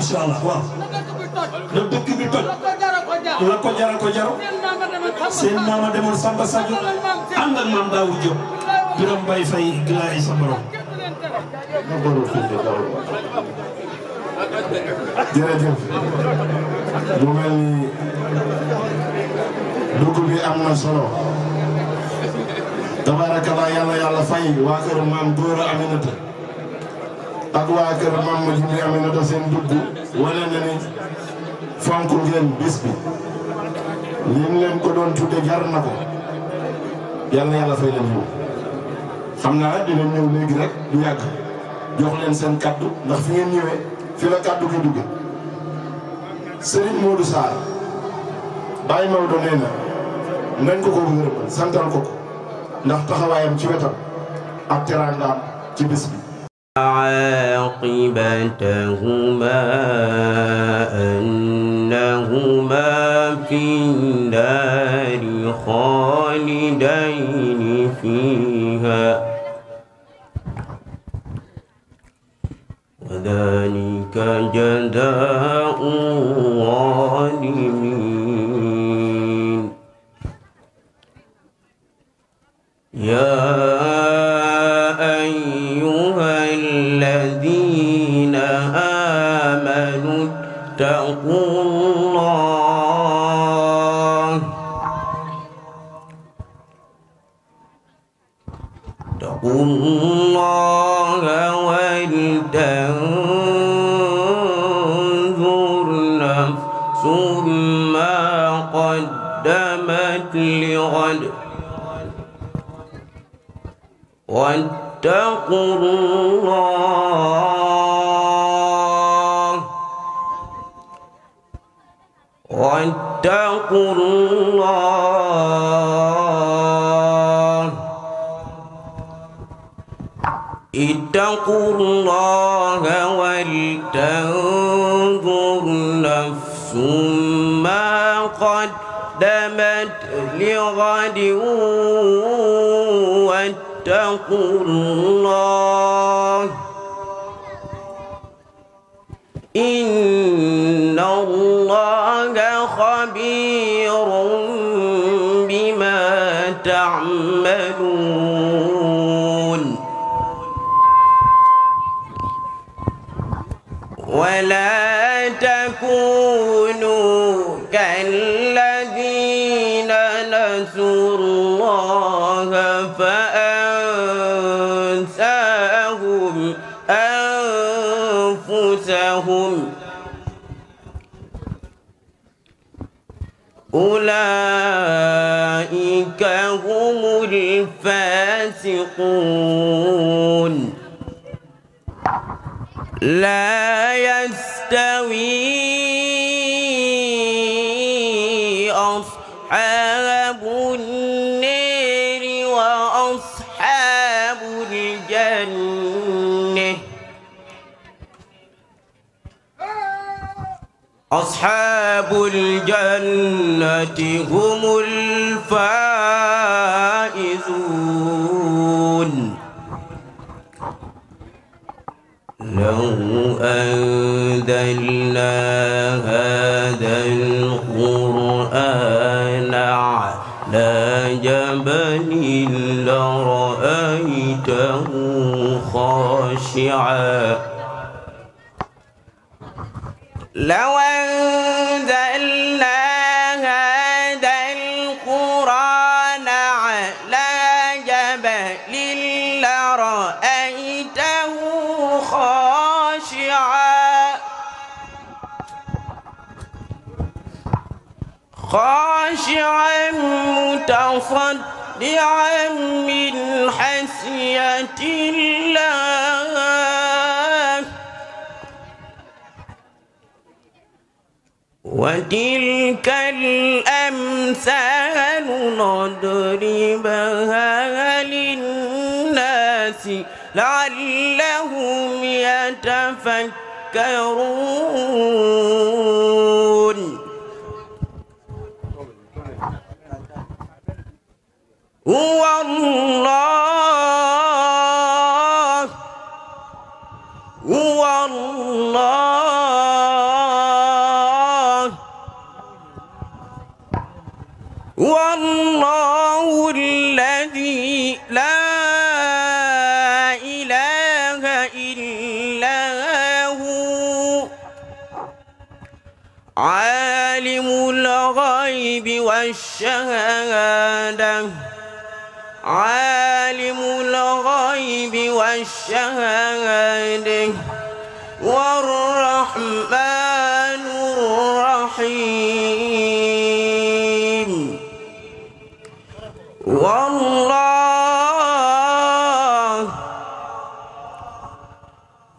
incha allah waaw na dëkk bi toj la ko jara ko jaro seen maama demoon Samba Sadio ànd ak maam Daawud Diop Biram Fay Gilaay sa borom jërëjëf mu mel ni dugg bi am na solo tabaarakalla yàlla yàlla fay waa kër maam Góora Aminata ak waa kër maam Madiou Aminata seen dugg wane ni fonk ngeen bis bi li leen ko doon tudde jar na ko yal yàlla fay leen ñëw xam naa dina ñëw léegi rek du yàgg jox leen seen kaddu ndax fi ngeen ñëwee fi la kaddu gi dugge Serigne Modou Sarr Baye Maodo nee na nañ ko ko gërëmal santal ko ko ndax taxawaayam ci wetam ak teraangaam ci bés bi عاقبتهما أن النار خالدين فيها وذلك جزاء الظالمين يا الله ولتنظر نفس ما قدمت لغد واتقوا الله واتقوا الله اتقوا الله ولتنظر نفس ما قدمت لغد واتقوا الله ولا تكونوا كالذين نسوا الله فأنساهم أنفسهم أولئك هم الفاسقون لا يستوي أصحاب النار وأصحاب الجنة أصحاب الجنة هم الفائزون لو أنزلنا هذا القرآن على جبل لرأيته خاشعا لو أنزلنا خاشعا متصدعا من حسية الله وتلك الأمثال نضربها للناس لعلهم يتفكرون هو الله هو الله هو الله الذي لا إله إلا هو عالم الغيب والشهادة عالم الغيب والشهادة والرحمن الرحيم والله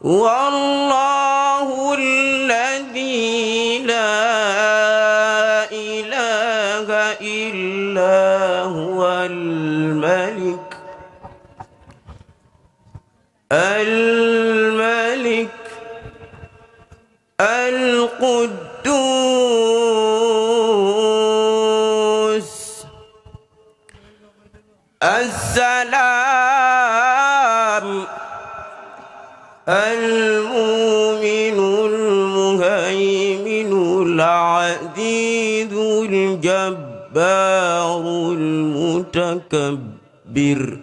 والله الذي الملك القدوس السلام المؤمن المهيمن العزيز الجبار المتكبر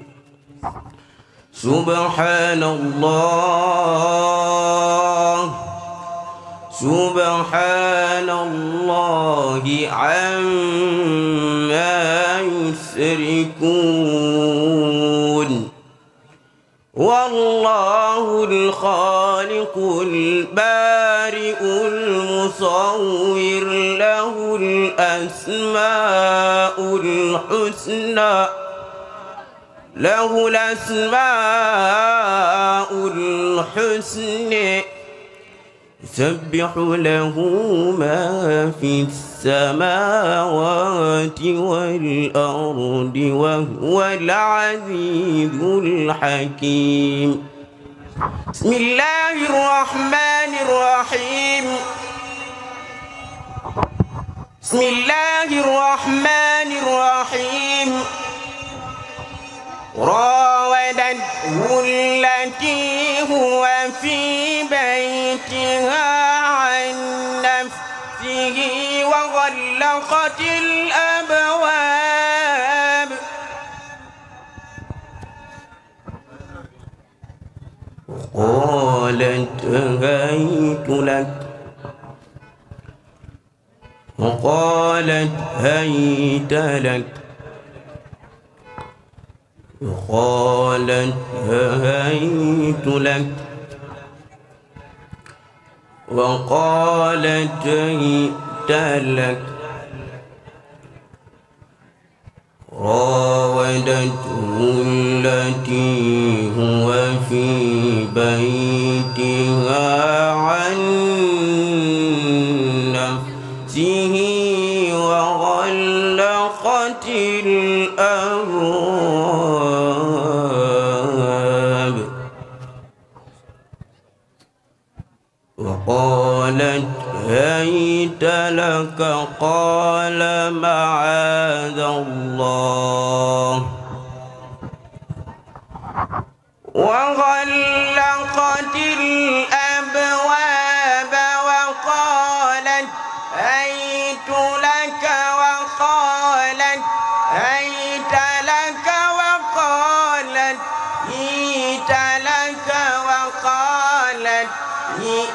subhanallah subhanallahi amma yushrikun wallahu alkhaliqul bari'ul musawwir lahul asmaa'ul husna له الأسماء الحسنى يسبح له ما في السماوات والأرض وهو العزيز الحكيم بسم الله الرحمن الرحيم بسم الله الرحمن الرحيم راودته التي هو في بيتها عن نفسه وغلقت الأبواب قالت هيت لك وقالت هيت لك قالت هيت لك وقالت هيت لك راودته التي هو في بيتها عن نفسه وغلقت الأبواب قالت هيت لك قال معاذ الله وغلقت الأبواب وقالت هيت لك وقالت هيت لك وقالت هيت لك وقالت هيت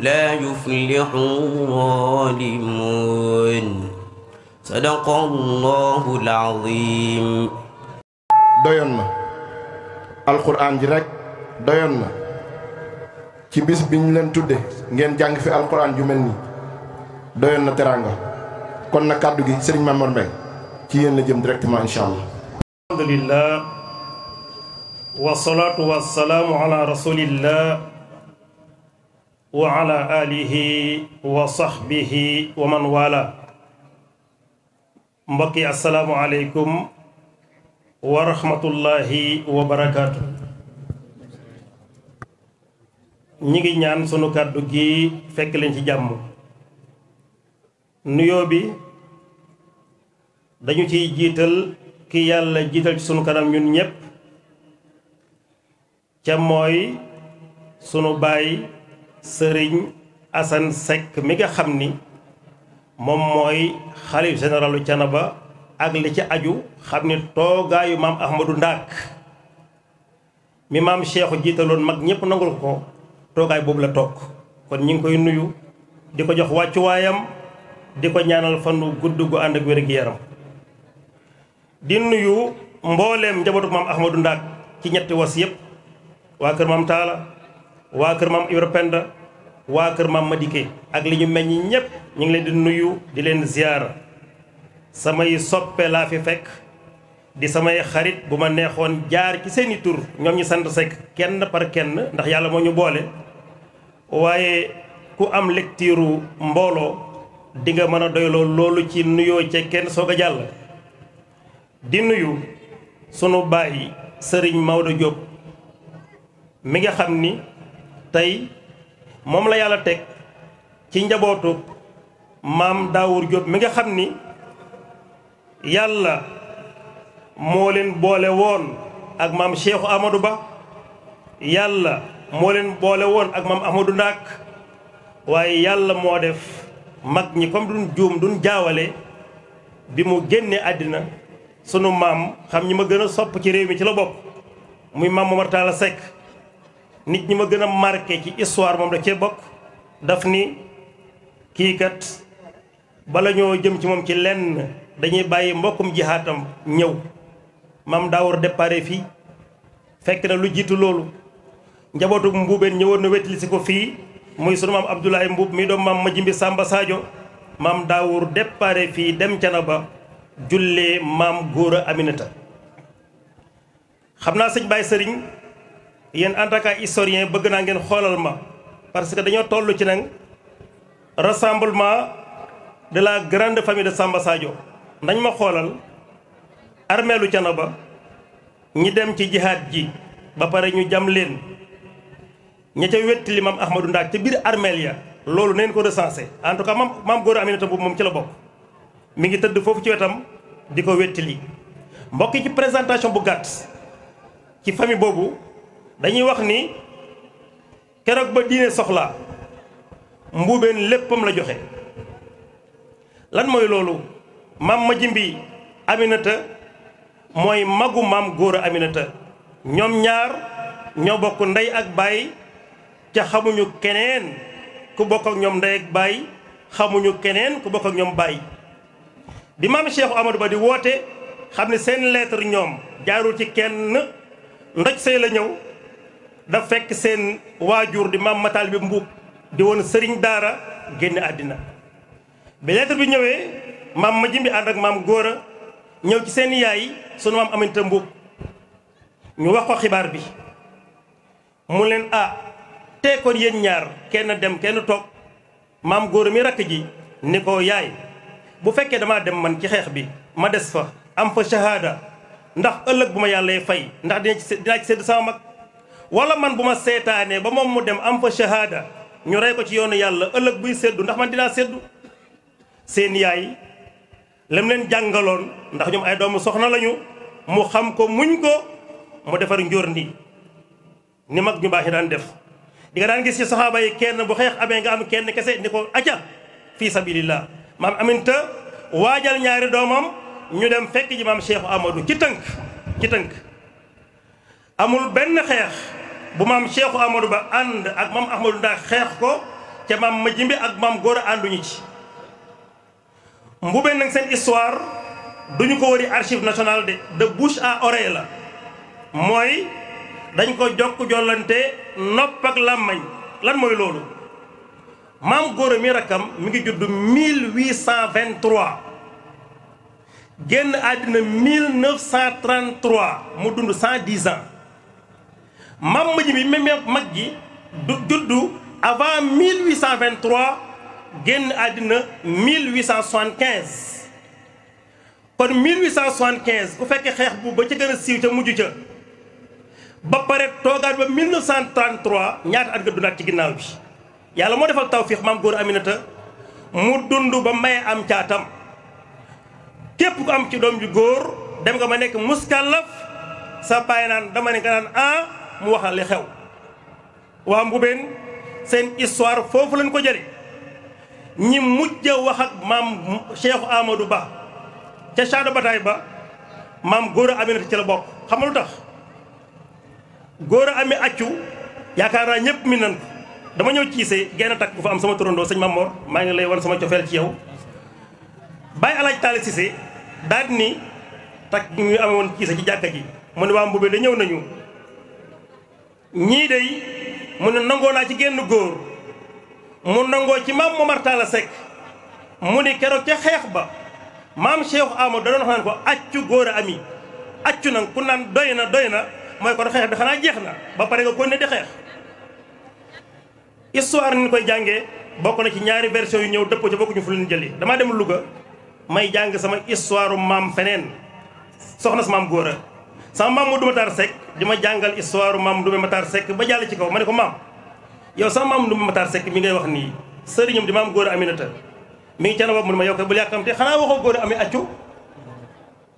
la yuflixu zaalimuun sadaqallaahu al-aziim doyoon na alxuraan ji rekk doyoon na ci bis bi ñu leen tudde ngeen jàng fi alxuraan ju mel nii doyoon na teraanga kon na kàddu gi sëriñ Mamour Mbengue ci yéen jëm directement incha wa ala wa sahbihi wa man wala mbokki assalaamu aleykum wa wa barakaatu ñi ngi ñaan sunu kàddu gi fekk leen ci jàmm nuyoo bi dañu ciy jiital ki yàlla jiital ci sunu kanam ñun ñépp ca mooy sunu baay sëriñ Assane Seck mi nga xam ni moom mooy xalif généralu ba ak li ci aju xam ni toogaayu maam Ahmadou Ndaak mi maam Cheikhu jiitaloon mag ñëpp nangul ko toogaay boobu la toog kon ñi ngi koy nuyu di ko jox wàccuwaayam di ko ñaanal fanu gudd gu ànd ak wér gi yaram di nuyu mbooleem njabatu maam Ahmadou Ndaak ci ñetti was yëpp waa kër maam Taala waa kër maam Ibra waa kër maam Madiké ak li ñu meññ ñépp ñu ngi leen di nuyu di leen ziyaara samay soppe laa fi fekk di samay xarit bu ma neexoon jaar ci seeni tur ñoom ñi sant sekk kenn par kenn ndax yàlla moo ñu boole waaye ku am lecture mbooloo di nga mën a doyloo loolu ci nuyoo ca kenn soog a jàll di nuyu sunu baay Serigne Maodo Diop mi nga xam ni tey moom la yàlla teg ci njabootu maam Daawur Jóob mi nga xam ni yàlla moo leen boole woon ak maam Cheikhu Amadou Ba yàlla moo leen boole woon ak maam Amadou Ndaak waaye yàlla moo def mag ñi comme duñ juum duñ jaawale bi mu génnee àddina sunu maam xam ñi ma gën a sopp ci réew mi ci la bokk muy maam Momar Talla Seck nit ñi ma gën a marqué ci histoire moom da cee bokk daf ni kii kat bala ñoo jëm ci moom ci lenn dañuy bàyyi mbokkum jihaatam ñëw maam daa war fii fekk na lu jiitu loolu njabootu mbuubeen ñëwoon na wettali si ko fii muy sunu maam Abdoulaye Mbuub mi doom maam ma jimbi sàmba Sadio maam daawur déparé fii dem cana ba julle maam góor a Aminata xam naa sëñ Baye Sëriñ yéen en tant que historien bëgg naa ngeen xoolal ma parce que dañoo tollu ci nag rassemblement de la grande famille de Samba Sadio nañ ma xoolal armeelu Thiénaba ñi dem ci jihaad ji ba pare ñu jam leen ña ca wetti li maam Ahmadou Ndaak ca biir armeel ya loolu neen ko recensé en tout cas maam maam góor Aminata boobu moom ci la bokk mi ngi tëdd foofu ci wetam di ko wetti li mbokk ci présentation bu gàtt ci famille boobu dañuy wax ni keroog ba diine soxla mbuubeen léppam la joxe lan mooy loolu maam ma jimbi aminata mooy magu maam góor a aminata ñoom ñaar ñoo bokk ndey ak baay ca xamuñu keneen ku bokk ak ñoom ndey ak baay xamuñu keneen ku bokk ak ñoom baay bi maam Cheikh Amadou Ba di woote xam ne seen lettre ñoom jaarul ci kenn ndoj sey la ñëw da fekk seen waajur di maam mataal bi mbuub di woon sëriñ daara génn àddina bi lettre bi ñëwee maam ma jimbi ànd ak maam góora ñëw ci seen yaay sunu maam aminta mbuub ñu wax ko xibaar bi mu leen a ah, tee kon yéen ñaar kenn dem kenn toog maam góora mi rakk ji ni ko yaay bu fekkee damaa dem man ci xeex bi ma des fa am fa shahada ndax ëllëg bu ma yàlla fay ndax dina ci dinaa ci sedd sama mag wala man bu ma seetaanee ba moom mu dem am fa shahada ñu rey ko ci yoonu yàlla ëllëg buy seddu ndax man dinaa seddu seen yaay lem leen jàngaloon ndax ñoom ay doomu soxna lañu mu xam ko muñ ko mu defar njóor ndi ni mag ñu baax ñu daan def di nga daan gis ci saxaaba yi kenn bu xeex amee nga am kenn kese ni ko aca fii sabilillah maam aminta waajal ñaari doomam ñu dem fekk ji maam Cheikh Amadou ci tënk ci tënk amul benn xeex bu maam Cheikhu Amadou Ba ànd ak maam Ahmadou Ndaa xeex ko ca maam Majimbi ak maam Gora ànduñu ci Mboubène nag seen histoire duñu ko wëri archive nationale de de bouche à oreille la mooy dañ ko jokk jollante nopp ak làmmañ lan mooy loolu maam Gora mi rakkam mi ngi judd 1823 génn àddina 1933 mu dund 110 ans maam ma ji bi même mag ji du juddu avant 1823 génn àddina 1875 kon 1875 bu fekkee xeex bu ba ca gën a siiw ca mujj ca ba pare toogaat ba 1933 ñaata at nga dundaat ci ginnaaw bi yàlla moo defal tawfiix maam góor Aminata mu dund ba maye am caatam képp ku am ci doom ju góor dem nga ma nekk muskàllaf sa bàyyi naan dama ne nga naan ah. mu wax li xew waa mbubeen seen histoire foofu lañ ko jële ñi mujj a wax ak maam Cheikh Amadou Ba ca champ bataay ba maam góor a aminata ci la bokk xam nga lu tax góor a amee accu yaakaar naa ñëpp mi nan ko dama ñëw ciisee genn takk bu fa am sama turandoo sañ Maam maa ngi lay wan sama cofeel ci yow bàyyi alaaj taali Cissé daal ni takk ñu amee amoon ciise ci jàkka gi mu ne waa mbubeen da ñëw nañu ñii day mu ne nangoo naa ci génn góor mu nangoo ci maam Momar Talla Seck mu ne keroog ca xeex ba maam Cheikh Amadou da doon xam ne ko accu góor ami accu nag ku naan doy na doy na mooy kon xeex bi xanaa jeex na ba pare nga continuer di xeex histoire ni koy jàngee bokk na ci ñaari version yu ñëw dëppoo ca bokkuñu fu leen jële dama dem luga may jàng sama histoire maam feneen soxna sa maam góor a sama maam mu duma tar Seck di ma jàngal histoire maam Ndoumbé Matar Seck ba jàll ci kaw ma ne ko maam yow sax maam Ndoumbé Matar sekk mi ngay wax nii sëriñam di maam góor a aminata mi ngi cana boobu mu ne ma yow kay bul yàkkamte xanaa waxoo góor a amee accu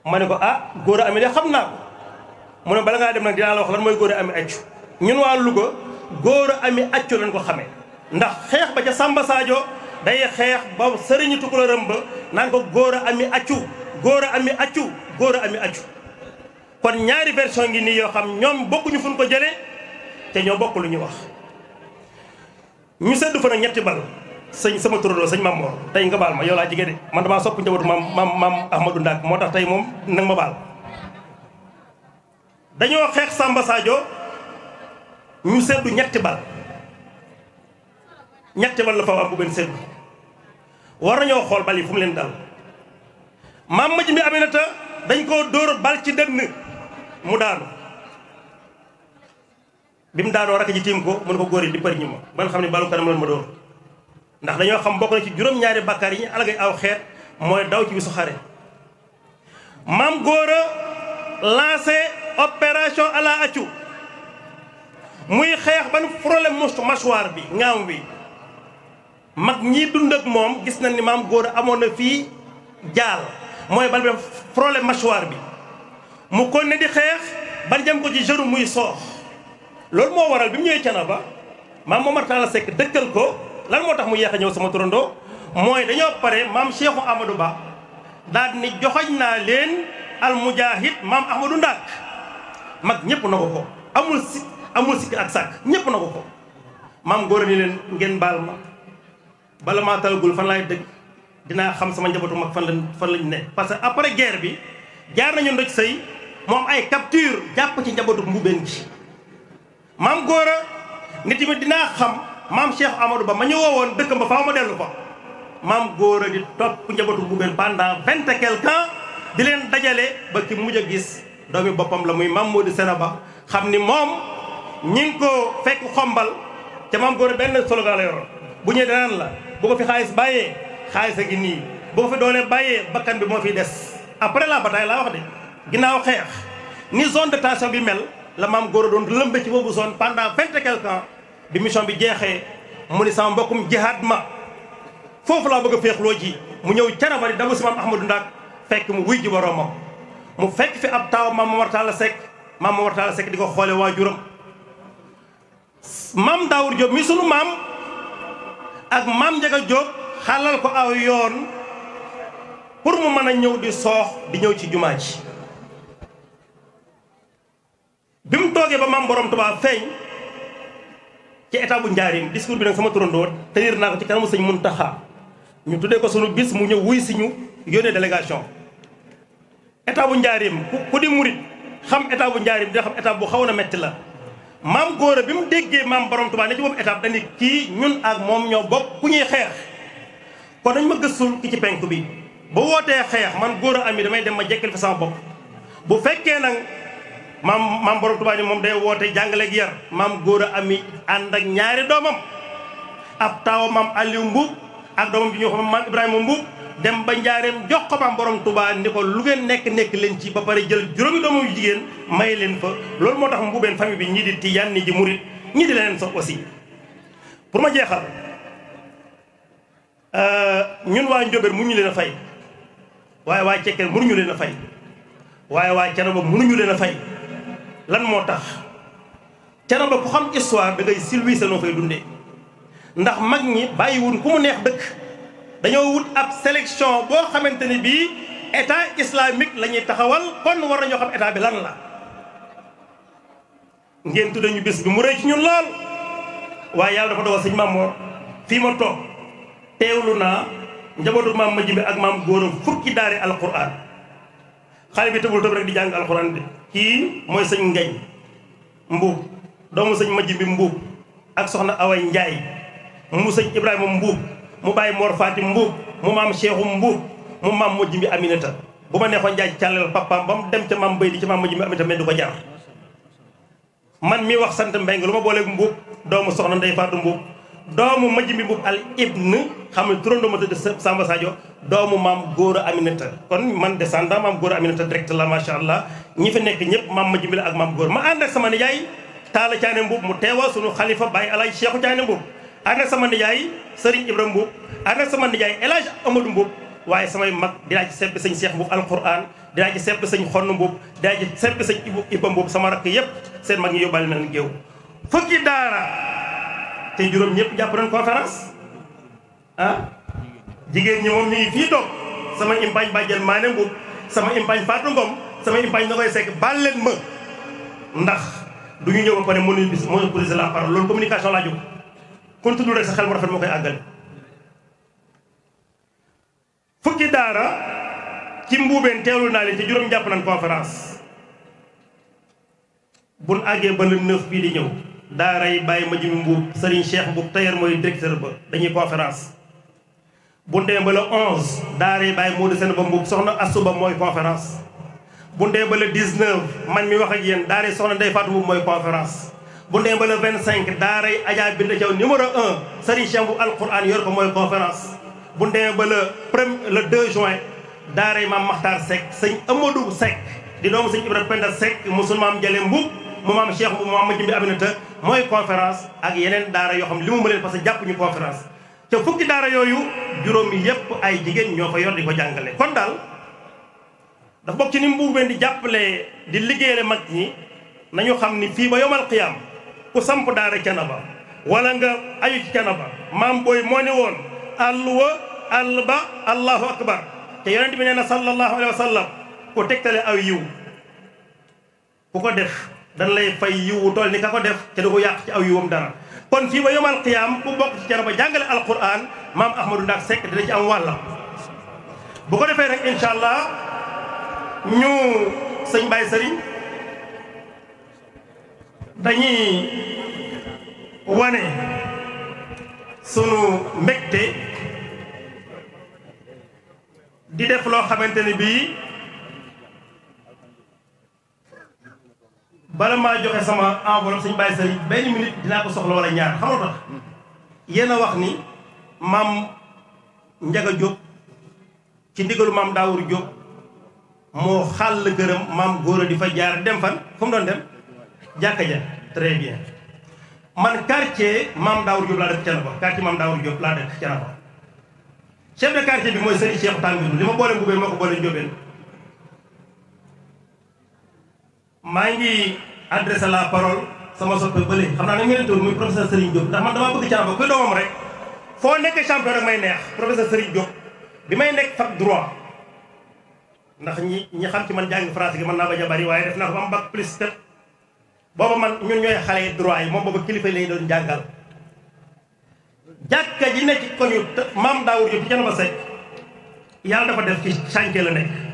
ma ne ko ah góor a amee de xam naa ko mu ne bala ngaa dem nag dinaa la wax lan mooy góor a amee accu ñun waa Louga góor a amee accu lañ ko xamee ndax xeex ba ca sàmba Sadio day xeex ba sëriñu tukulóoram ba naan ko góor a amee accu góor a amee góor a amee accu kon ñaari version ngi nii yoo xam ñoom bokkuñu fu ko jëlee te ñoo bokk lu ñu wax ñu seddu fa nag ñetti bal sëñ sama turaloo sëñ mam Mor tey nga baal ma yow laa jigéen de man damaa sopp njabootu maam maam maam Ahmadou moo tax tey moom nag ma baal dañoo xeex Samba Sadio ñu seddu ñetti bal bal la fa am xool bal leen dal maam ma ji mi dañ koo dóor bal ci dënn mu daanu bi mu daanoo rakk ji tiim ko mun ko góor yi di përi ñu ma ban xam ne balu kanam lan ma ndax dañoo xam bokk na ci juróom-ñaari bàkkaar yi ñu aw xeet mooy daw ci bisu xare maam góora lancé opération à accu muy xeex ban problème mu bi ngaam wi mag ñii dund moom gis nañ ni maam góor amoon na fii jaal mooy bal bi problème mâchoire bi mu ko ne di xeex ba jam ko ci jëru muy soox loolu moo waral bi mu ñëwee Canaba maam Momar la sekk dëkkal ko lan moo tax mu yeex a ñëw sama turandoo mooy dañoo pare maam Cheikhu Amadou Ba daal ni joxoñ naa leen al mujahid maam Ahmadou Ndak mag ñëpp na ko amul si amul sikk ak sàkk ñëpp na ko ko maam góor leen ngeen baal ma bala maa talagul fan laay dëkk dinaa xam sama njabootu mag fan lañ fan lañ ne parce que après guerre bi jaar nañu ndoj sëy moom ay capture jàpp ci njabatu mbubeen gi maam góor a nit dinaa xam maam Cheikh Amadou Ba ma ñu woowoon dëkkam ba faaw ma dellu fa maam góor a di topp njabootu mbubeen pendant vingt et quelque di leen dajale ba ki mujj a gis doomi boppam la muy maam Modou Sena Ba xam ni moom ñi ngi ko fekk xombal te maam góor benn slogan la yoroon bu ñëwee danaan la bu ko fi xaalis bàyyee xaalis gi nii bu ko fi doolee bàyyee bakkan bi moo fi des après la bataille laa wax de ginnaaw xeex ni zone de tension bi mel la maam góor a doon lëmbe ci boobu zone pendant vingt et quelque ans bi mission bi jeexee mu ni sama mbokkum jihaad ma foofu la bëgg a féexloo ji mu ñëw caramari dama si maam Ahmadou fekk mu wuy ji boroomam mu fekk fi ab taaw maam Momar Talla Seck maam Momar Talla Seck di ko xoole waajuram maam Daawur Diop mi sunu maam ak maam Njaga Diop xalal ko aw yoon pour mu mën a ñëw di soox di ñëw ci jumaa ji bi mu toogee ba maam borom Tuubaa feeñ ci état bu njaarim discours bi nag sama turandoo tenir naa ko ci kanamu sëñ Muntaxa ñu tuddee ko sunu bis mu ñëw wuy si ñu yónnee délégation état bu njaarim ku di murit xam état bu njaarim dina xam état bu xaw na metti la maam góora bi mu déggee maam borom Tuubaa ne ci boobu étape dañu kii ñun ak moom ñoo bokk ku ñuy xeex kon dañ ma gëstul ki ci penk bi ba wootee xeex man góora am yi damay dem ma jekkil fa sama maam maam borom Tuubaa moom day woote jàngale ak yar maam góor a ami ànd ak ñaari doomam ab taaw maam Aliou Mbuub ak doomam bi ñu maam Ibrahima Mbuub dem ba njaareem jox ko maam borom Tuubaa ni ko lu ngeen nekk nekk leen ci ba pare jël juróomi doomam jigéen may leen fa loolu moo tax mbuubeen fami bi ñii di tijaan ñii di murit ñii di leneen sax aussi pour ma jeexal euh, ñun waa Ndiobène mënuñu leen a fay waaye waa Cekkeen mënuñu leen a fay waaye waa Canaba mënuñu leen a fay lan moo tax cana ba ku xam histoire da ngay silvise noo fay dundee ndax mag ñi bàyyiwun ku mu neex dëkk dañoo wut ab sélection boo xamante ni bii état islamique la ñuy taxawal kon war nañoo xam état bi lan la ngeen dañu ñu bis bi mu rëy ci ñun lool waaye yàlla dafa dogal sëñ Maam Mor fii ma toog teewlu naa njabootu maam ma jimbe ak maam góoram fukki daare alquran xale bi tëbul tëb rek di jàng alquran de kii mooy sëñ ngañ mbuub doomu sëñ majj bi mbuub ak soxna away njaay mu sëñ ibrahima mbuub mu bàyyi mor faati mbuub mu maam cheikhu mbuub mu maam mujj bi aminata bu ma neexoon njaay càllal papaam ba mu dem ca maam bay di ca maam mujj bi aminata mais du man mi wax sant mbeng lu ma booleeg mbuub doomu soxna ndey faatu mbuub doomu Majumbi Mboup al ibn xam ne turandoo ma tëdd Samba Sadio doomu maam Gora Aminata kon man descendant maam Gora Aminata direct la macha allah ñi fi nekk ñëpp maam Majumbi la ak maam Gora ma ànd ak sama nijaay Talla Thiané Mboup mu teewal sunu xalifa Baye El Hadj Cheikhou Thiané Mboup ànd sama nijaay Serigne Ibrahima Mboup ànd ak sama nijaay El Hadj Amadou Mboup waaye samay mag dinaa ci sepp sëñ Cheikh Mboup alquran dinaa ci sepp sëñ Xonn Mboup dinaa ci sepp sëñ Ibba Mboup sama rakk yépp seen mag ñi yóbbaale na leen géew fukki daara te juróom ñëpp jàpp nañ conférence ah jigéen ñi moom fii toog sama impañ bàjjen maa ne mbub sama impañ Fatou Ngom sama impañ na koy sekk baal leen ma ndax du ñu ñëw ba pare mënuñu bis monopoliser la parole loolu communication laa jóg kon tudd rek sa xel bu rafet moo koy àggale fukki daara ci mbuubeen teewlu naa leen ci juróom jàpp nañ conférence bul àggee ba le neuf bii di ñëw daaray Baye Majum Mbuub Serigne Cheikh Mbuub Tailleur mooy directeur ba dañuy conférence bu ñu demee ba le 11 daaray Baye Modou Sène ba Mbuub soxna Assou Ba mooy conférence bu ñu ba le 19 man mi wax ak yéen daaray soxna Ndeye Fatou Mbuub mooy conférence bu ñu demee ba le 25 daaray Adja Binta Thiaw numéro 1 Serigne Cheikh Mbuub Alquran yor ko mooy conférence bu ñu demee ba le premier le 2 juin daaray Maam Makhtar Seck sëñ Amadou Seck di doomu sëñ Ibrahima Penda Seck musulmaan Jale Mbuub mu maam Cheikh Mbuub mu maam Majum bi Aminata mooy conférence ak yeneen daara yoo xam li mu ma leen parce que jàpp ñu conférence te fukki daara yooyu juróom juróomi yépp ay jigéen ñoo fa yor di ko jàngale kon daal dafa bokk ci ni mbuub di jàppale di liggéeyale mag ñi nañu xam ni fii ba yomal xiyaam ku samp daara ba wala nga ayu ci canaba maam booy moo ne woon alluwa àll ba allahu akbar te yonent bi nee na sallallahu alayhi wa sallam ku tegtale aw yiw ku ko def dan lay fay yiwu tool ni ka ko def te du ko yàq ci aw yiwam dara kon fii ba yomal qiyaam ku bokk ci Thiénaba jàngale alquran maam Ahmadou Ndack sekk dina ci am wàlla bu ko defee nag incha allah ñu sëñ Baye Sëriñ dañuy wane sunu mbégte di def loo xamante ni bii bala maa joxe sama enveloppe suñu bàyyi sëriñ benn minute dinaa ko soxla wala ñaar xamoo tax yéen a wax ni maam Njaga jóg ci ndigalu maam Daawur Jóob moo xàll gërëm maam góor di fa jaar dem fan fu mu doon dem jàkka ja très bien man quartier maam Daawur Jóob laa dëkk Thiénaba quartier maam Daawur Jóob laa dëkk Thiénaba chef de quartier bi mooy sëriñ Cheikh Tambidou li ma boole Ngoubène moo ko boole Ndiobène maa ngi adressé la parole sama soppe bële xam naa na ngeen tur muy professeur Serigne Diop ndax man damaa bëgg Thiénaba kuy doomam rek foo nekk champion rek may neex professeur Serigne Diop bi may nekk fac droit ndax ñi ñi xam ci man jàngi français gi mën naa bañ a bari waaye def naa ko am bac plus sept booba man ñun ñooy xale droit yi moom booba kilifa yi lañu doon jàngal jàkka ji nekk kon yu maam Daawur Diop ci Thiénaba se yàlla dafa def ci chantier la nekk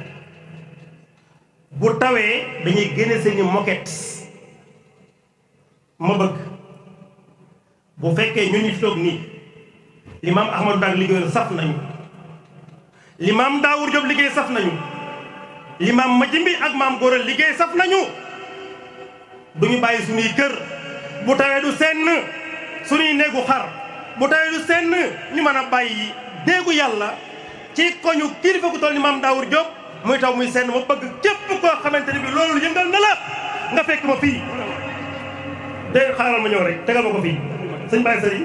bu tawee dañuy génne seeni moquette ma bëgg bu fekkee ñu nit toog nii limaam Ahmadou Ndaak liggéeyoon saf nañu limaam Daawur Jóob liggéey saf nañu limaam Majimbi ak maam Góora liggéey saf nañu du ñu bàyyi suñuy kër bu tawee du senn suñuy néegu xar bu tawee du senn ñu mën a bàyyi déegu yàlla ci koñu kilifa ku toll ni maam Daawur Jóob muy taw muy seen ma bëgg képp koo xamante ni bi loolu yëngal na la nga fekk ma fii de xaaral ma ñëw rek tegal ma ko fii sëñ Baye Sëriñ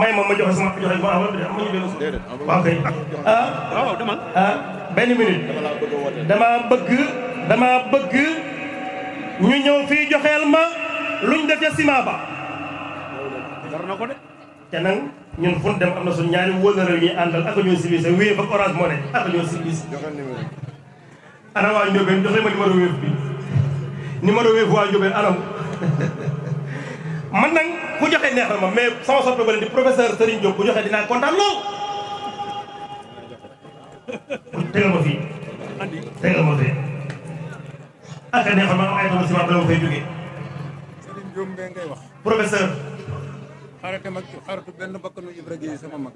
may ma ma joxe sama joxe ñu benn waaw kay dama ah, ah benn minute dama bëgg dama bëgg ñu ñëw fii joxeel ma luñ def ca ciment ba war na ko de te nag ñun fu ñu dem am na suñ ñaari wëlëre yu ñuy àndal ak ñoo service wéy ba orange moo ne ana waa Ndiobène jox leen ma numéro wéef bi numéro wéef waa Ndiobène man nag ku joxe neex na ma mais sama soppe ba leen di professeur Serigne bu joxe dinaa kontaan lool tegal ma fii tegal ma fii aka neex ma ay dama si ma bala ma fay jógee Serigne Diop ngay benn bakkanu Ibra Gueye sama mag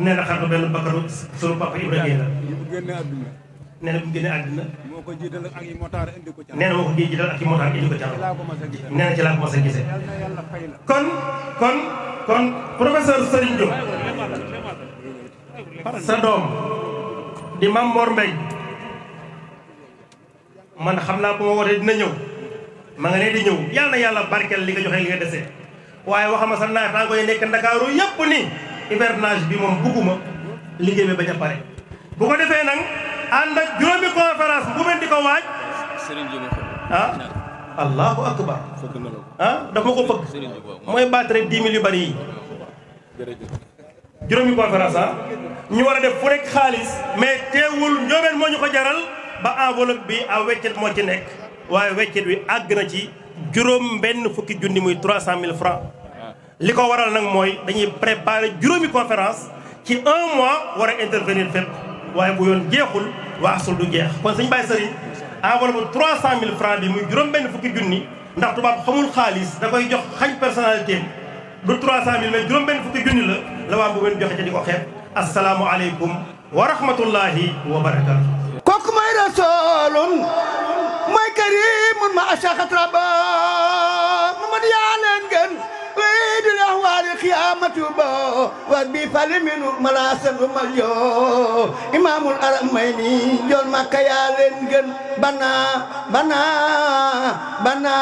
nee na benn bakkanu sunu papa Ibra Gueye nee na bu mu génnee àdduna. moo ko jiital ak i motaar indi ko ca. nee na moo ko jiital ak i motaar indi ko ca. nee na ci laa ko mas a gisee. kon kon kon professeur Serigne Diop doom di Mame Mor Mbaye man xam naa bu ma wootee dina ñëw ma nga ne di ñëw yal yàlla barkeel li nga joxee li nga desee waaye waxama sa naaj tàngo yi nekk Ndakaaru yëpp ni hivernage bi moom bugguma liggéey bi bañ a pare bu defee nag. ànd ak juróomi conférence bu mel di ko waaj. sëriñ ah. bi ah, ko fëgg. mooy battre dix mille yu bari yi. juróomi conférence ah. ñu war a def fu rek xaalis. mais teewul ñoomeen moo ñu ko jaral ba enveloppe bi a weccet moo ci nekk. waaye weccet wi àgg na ci juróom benn fukki junni muy trois cent mille francs ah. li ko waral nag mooy dañuy préparer juróomi conférence ci un mois war a intervenir fépp. waaye bu yoon jeexul waa asul du jeex kon suñu bàyyi sëriñ enveloppe trois cent mille francs bi muy juróom benn fukki junni ndax tubaab xamul xaalis da koy jox xañ personnalité du trois cent mille mais juróom benn fukki junni la la waa bu ngeen joxe ca di ko xeeb asalaamu aleykum wa rahmatullahi wa barakaatu kooku mooy rasoolun mooy القيامة يبا ودي فالمين ملاسن مليو إمام الأرمين جون ما كيالين جن بنا بنا بنا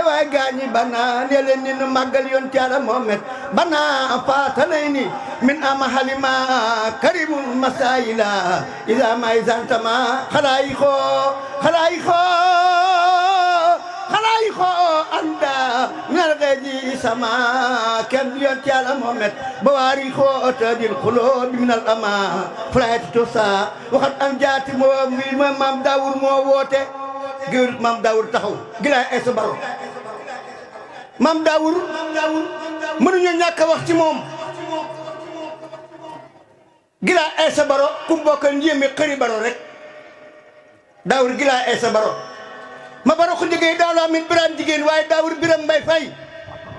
أيوا غاني بنا نيلين نين مغل يون تيارا محمد بنا فاتنيني من أما حلما كريم المسائل إذا ما إذا انتما خلايخو خلايخو xalaayiko anda ngargeji sama ken yonti yàlla Muhammad bawaariko tadil xuloob min al ama flayati to sa waxat am jaati moo mi ma maam Daawur moo woote giwrit maam Daawur taxaw gilaay ay sa baro maam Daawur wax ci moom gilaay ay sa baro ku xëri baro rek Daawur gilaay ay ma bara ko liggéey daawlaa min biraan jigéen waaye daawur biram mbay fay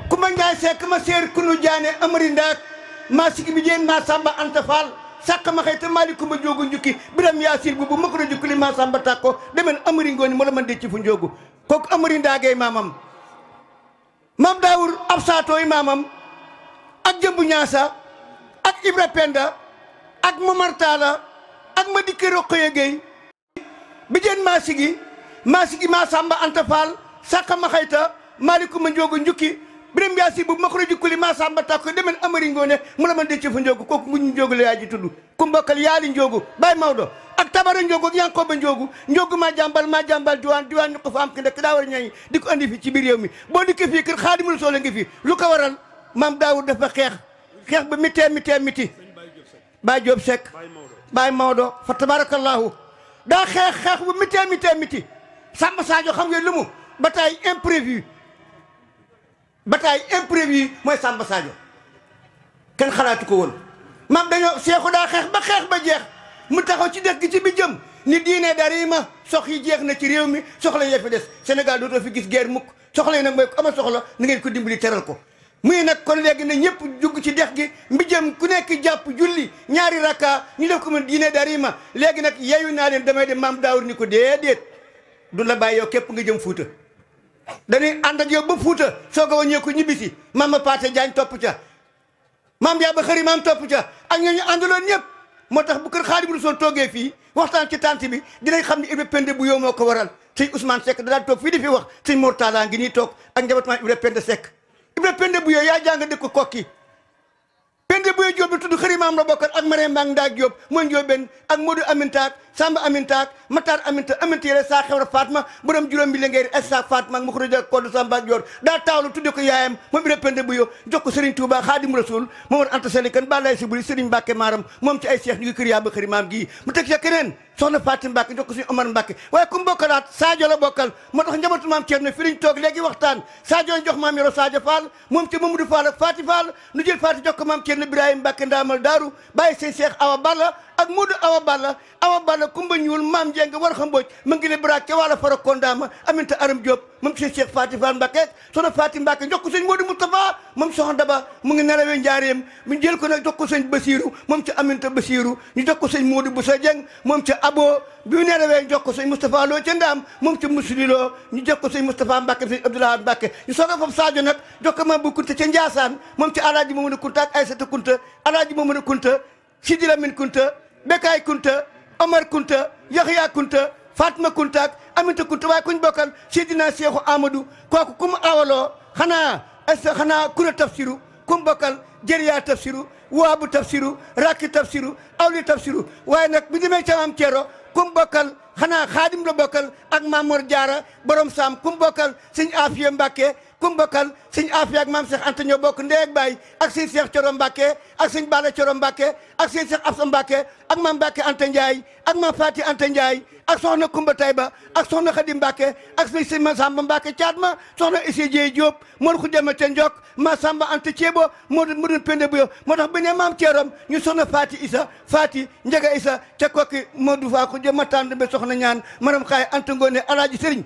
ku ma njaay ma séer kunu jaane amari ndaak maa sigi bi jéen maa anta faal sàq ma xëy te maaliku ma joogu njukki biram yaasin bu bu ma ko a jukki li maa samba tàkko amari ngooni ma la man ci fu njoogu kooku amari ndaagee maamam mam daawur ab saatooy maamam ak jëmbu ñaasa ak ibra penda ak momar taala ak ma dikke roqoya géy bi jéen sigi maa sigi maa samba anta faal sàqa ma xayta maalikuma njoogu njukki biram yaa si bu ma xoroji kuli maa samba tàkko demen amari ngoone mu la man dee ci fa njoogu kooku mu ñu njoogu la yaa ji tudd ku mbokkal yaali njoogu bay mawdo ak tabara njoogu ak yankooba njoogu njoogu maa jàmbal maa jàmbal diwaan diwaan ñu ko fa ki ndekk daa war a ñañ di ko andi fi ci biir réew mi boo dikkee fii kër xaadimu rasul ngi fi lu ko waral maam daawud fa daa xeex xeex bu mitee mitee Samba Sadio xam ngeen lu mu bataille imprévue bataille imprévue mooy Samba Sadio kenn xalaatu ko woon maam dañoo seexu daa xeex ba xeex ba jeex mu taxaw ci gi ci bi jëm ni diine dari ma sox yi jeex na ci réew mi soxla yee fi des Sénégal fi gis guerre mukk soxla yi nag mooy ko ama soxla na ngeen ko dimbali teral ko muy nag kon léegi nag ñëpp jugg ci dex gi mbi jëm ku nekk jàpp julli ñaari rakka ñu def ko mu diine dari ma léegi nag yeyu naa leen damay dem maam daawur ni ko déedéet du la bàyyi képp nga jëm fuuta dañuy ànd ak yow ba fuuta soo ko wàññeeku ñibbisi maam ma paate jaañ topp ca maam yaa ba xëri maam topp ca ak ñooñu àndaloon ñëpp moo tax bu kër Xaadimu Rasuul toogee fii waxtaan ci tànt bi dinañ xam ne Ibra Pende bu yow moo ko waral sëñ Ousmane Seck da daan toog fii di fi wax sëñ Mor Talla ngi nii toog ak njabootu maam Ibra Pende Seck Ibra Pende bu yow yaa jàng dëkk kokki Pende bu yow Jóob bi tudd xëri maam la bokkat ak Marème Mbang Aminta Samba Aminta Matar Aminta Aminta yële saa xewra Fatma borom juróom bi la ngay essa Fatma ak ma ko rëjal koddu Samba ak Joor daa taawlu tudde ko yaayam moom Ibra Penda Buyo jox ko Serigne Touba Xaadimu Rasuul Momar Anta Sali Kan Balaay Siburi Serigne Mbàkke Maaram moom ci ay seex ñu ngi ba xëri maam gii mu teg ca keneen soxna Fatim Mbàkke jox ko Omar Mbàkke waaye ku bokkalaat Sadio bokkal moom ci Mamadou Fall ak Fati Fall nu jël Fati jox la kumba ñuul maam Dieng war xam mbooj ma ngi le braak ca wàlla fara kondaama aminta aram Diop moom si Cheikh Faty Fall Mbacké soxna Faty Mbacké jox ko sëñ Modou Moustapha moom soxna Daba mu ngi nelawee njaareem mu jël ko nag jox ko sëñ Basiiru moom ca aminta Basiiru ñu jox ko sëñ Modou Boussa Dieng moom ca Abo bi mu nelawee jox ko sëñ Moustapha Lo ca Ndaam moom ca Musli Lo ñu jox ko sëñ Moustapha Mbacké sëñ Abdoulaye Mbacké ñu soxna foofu Sadio nag jox ko maam bu Kunta ca Njaasaan moom ca Alaaji Mamadou Kunta ak Aysata Kunta Alaaji Mamadou Kunta Sidi Lamine Kunta Bekaay Kunta Omar Kunta Yaxya Kunta Fatma Kunta ak Aminta Kunta waaye kuñ bokkal Seydina Seexu Amadou kooku ku mu xanaa est xanaa kura tafsiru ku mu bokkal jëriyaa tafsiru waabu tafsiru rakki tafsiru awli tafsiru waaye nag bu demee ca kum bokkal xanaa xaadim la bokkal ak Mamour Diarra borom saam kum bokkal sëñ Afiya Mbàkke kum bokkal suñ Afia ak maam Cheikh Anta ñoo bokk ndey ak baay ak suñ Cheikh Coro Mbacke ak suñ Balla Coro Mbacke ak suñ Cheikh Absa Mbacke ak maam Mbacke Anta Ndiaye ak maam Fati Anta Ndiaye ak soxna Kumba Tayba ak soxna Khady Mbacke ak suñ si Masamba Mbacke caat ma soxna Issa Dieye Diop moon ko jëme te njokk ma Samba Anta Thiebo moo mu doon pende bu yo moo tax bi ne maam Ceerom ñu soxna Fati Issa Fati Njaga Issa ca kokki moo du faa ko jëm ma ta be soxna ñaan maram xaay Anta Ngone Alaaji Sëriñ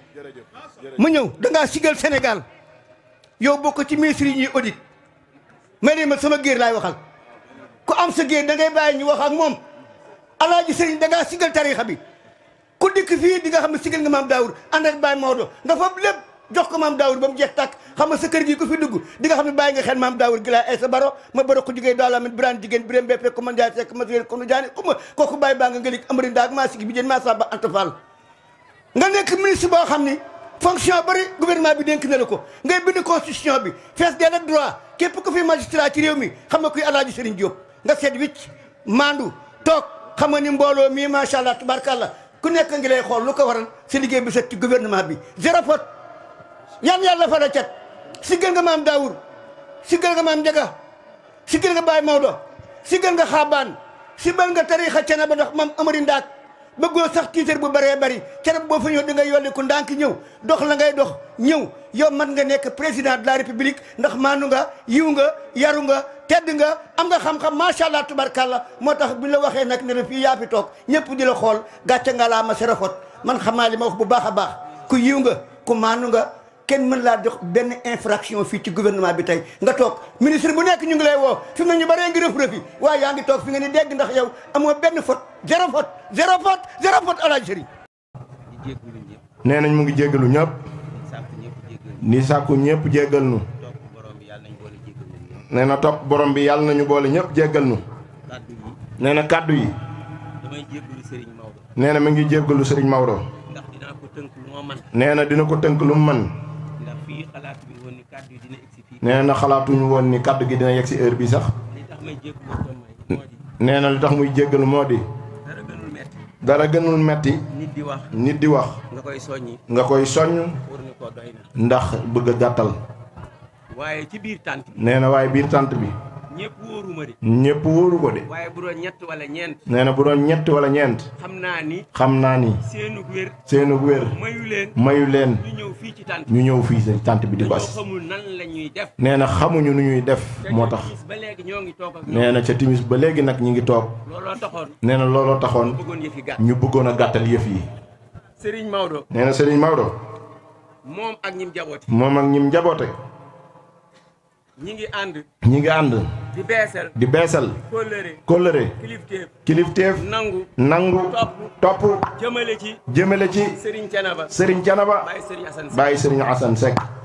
mu yow bokk ci ministre yi ñuy audit ma ne ma sama géer laay waxal ku am sa géer da ngay bàyyi ñu wax ak moom alaaji sa da ngaa sigal tariixa bi ku dikk fii di nga xam ne sigal nga maam daawur ànd ak Baye Maodo nga fab lépp jox ko maam daawur ba mu jeex tàkk xam nga sa kër gi ku fi dugg di nga xam ne bàyyi nga xel maam daawur gi laa ay sa baro ma baro ko jugee daal amit biraan jigéen biram bépp ko man jaay sekk ma ko nu jaani xuma kooku bàyyi baa xam ni fonction bari gouvernement bi dénk na la ko ngay bind constitution bi fees dee nag droit képp ku fi magistrat ci réew mi xam nga kuy alaaji Serigne Diop nga seet wicc maandu toog xam nga ni mbooloo mii macha allah tubarkalla ku nekk ngi lay xool lu ko waral si liggéey bi set ci gouvernement bi zéro faute yan yàlla fa la cat si gën nga maam Daawur si gën nga maam Njaga si gën nga Baye Maodo si gën nga Xaabaan si gën nga tariixa cene ba ndax maam Amari bëggoo sax tiitar bu bëree bëri keroog boo fa ñëw da nga yolli ku ndànk ñëw dox la ngay dox ñëw yow man nga nekk président de la république ndax maanu nga yiw nga yaru nga tedd nga am nga xam-xam macha allah tubarkalla moo tax bu la waxee nag ne la fii yaa fi toog ñëpp di la xool gàcce nga laa ma serafot man xamaa li ma wax bu baax a baax ku yiw nga ku maanu nga kenn mën laa jox benn infraction fii ci gouvernement bi tey nga toog ministre bu nekk ñu ngi lay woo fi mu ne ñu baree ngi rëf rëfi waaye yaa ngi toog fi nga ni dégg ndax yow amoo benn fot zéro faute zéro faute zéro faute alaaj nee nañ mu ngi jéggalu ñëpp ni sàkku ñëpp jéggal nu nee na topp borom bi yàlla nañu boole ñëpp jéggal nu nee na kàddu yi nee na mu ngi jéggalu sëriñ Maodo nee na dina ko tënk lu man mën nee na xalaatuñu woon ni kàddu gi dina yegg si heure bi sax nee na li tax muy jéggalu moo di dara gënul metti nit di wax nit di wax nga koy soññi nga koy soññ ndax bëgg a gàttal waaye ci biir tànt nee na waaye biir tànt bi ñëpp wóoru ñëpp wóoru ko de. waaye bu doon ñett wala ñeent. nee na bu doon wala ñeent. xam naa ni. xam naa ni. seenu wér. mayu leen. ñu ñëw fii ci tànt. ñu ñëw fii ci tànt bi di bas. xamul nan la ñuy def. nee na xamuñu nu ñuy def. moo tax ba ñoo ngi toog na ca timis ba léegi nag ñu ngi toog. looloo nee na looloo taxoon. ñu bëggoon a gàttal yéf yi. Serigne Maodo. nee na Serigne Maodo. moom ak ñim jaboote. moom ak ñim jaboote. ñi ngi ànd. ñi ngi ànd. di beesal. di beesal. kóllëre. kóllëre. kilifteef. nangu. nangu. topp topp. jëmale ci. jëmale ci. sëriñ Canaba. Serigne Canaba. Baye Serigne Assane Seck. Baye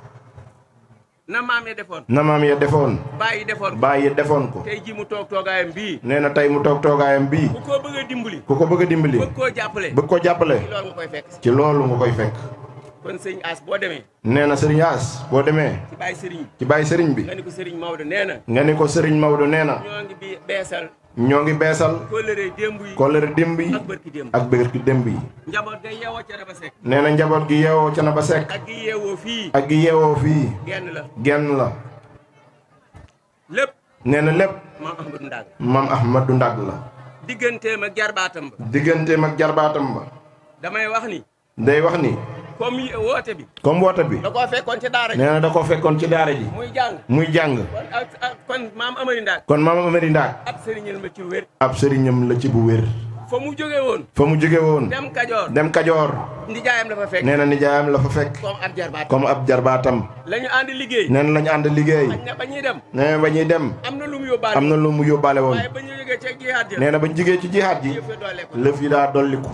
na maam ya defoon. na maam ya defoon. bàyyi defoon. bàyyi defoon ko. tey ji mu toog toogaayam bi nee na tey mu toog toogaayam bi ku ko bëgg a dimbali. ku ko bëgg a dimbali. bëgg koo jàppale. bëgg koo jàppale. ci koy fekk. ci loolu nga koy fekk. kon sëriñ As boo demee. nee na sëriñ boo demee. ci bàyyi sëriñ. bi. sëriñ Maodo nee na. nga ko sëriñ Maodo nee na. ñoo ñoo ngi beesal. kóllëre démb yi. ak bërki démb ak bërki njaboot gi yeewoo ca na ba nee na njaboot gi yeewoo ca na ba sekk. ak gi yeewoo fii. ak gi yeewoo fii. genn la genn la. lépp. nee na lépp. maam Ahmadou Ndag. maam Ndag la. digganteem ak jarbaatam ba. digganteem ak jarbaatam ba. damay wax ni. day wax ni. comme woote bi. comme woote bi. da koo fekkoon ci daara ji. da koo fekkoon ci daara ji. muy jàng muy jàng. kon maam Amary kon maam Amary ab sëriñam la ci bu wér. fa mu jóge woon. fa mu jóge woon. dem Kajoor. dem nijaayam la fa fekk. nee na nijaayam la fa fekk. ab jarbaatam. comme ab liggéey. nee na la ànd liggéey. ba ñuy dem. am na lu yóbbaale. am na lu mu yóbbaale woon. waaye ba ñu jógee ci jihaat ji. nee ci jihaat ji. yi daa dolliku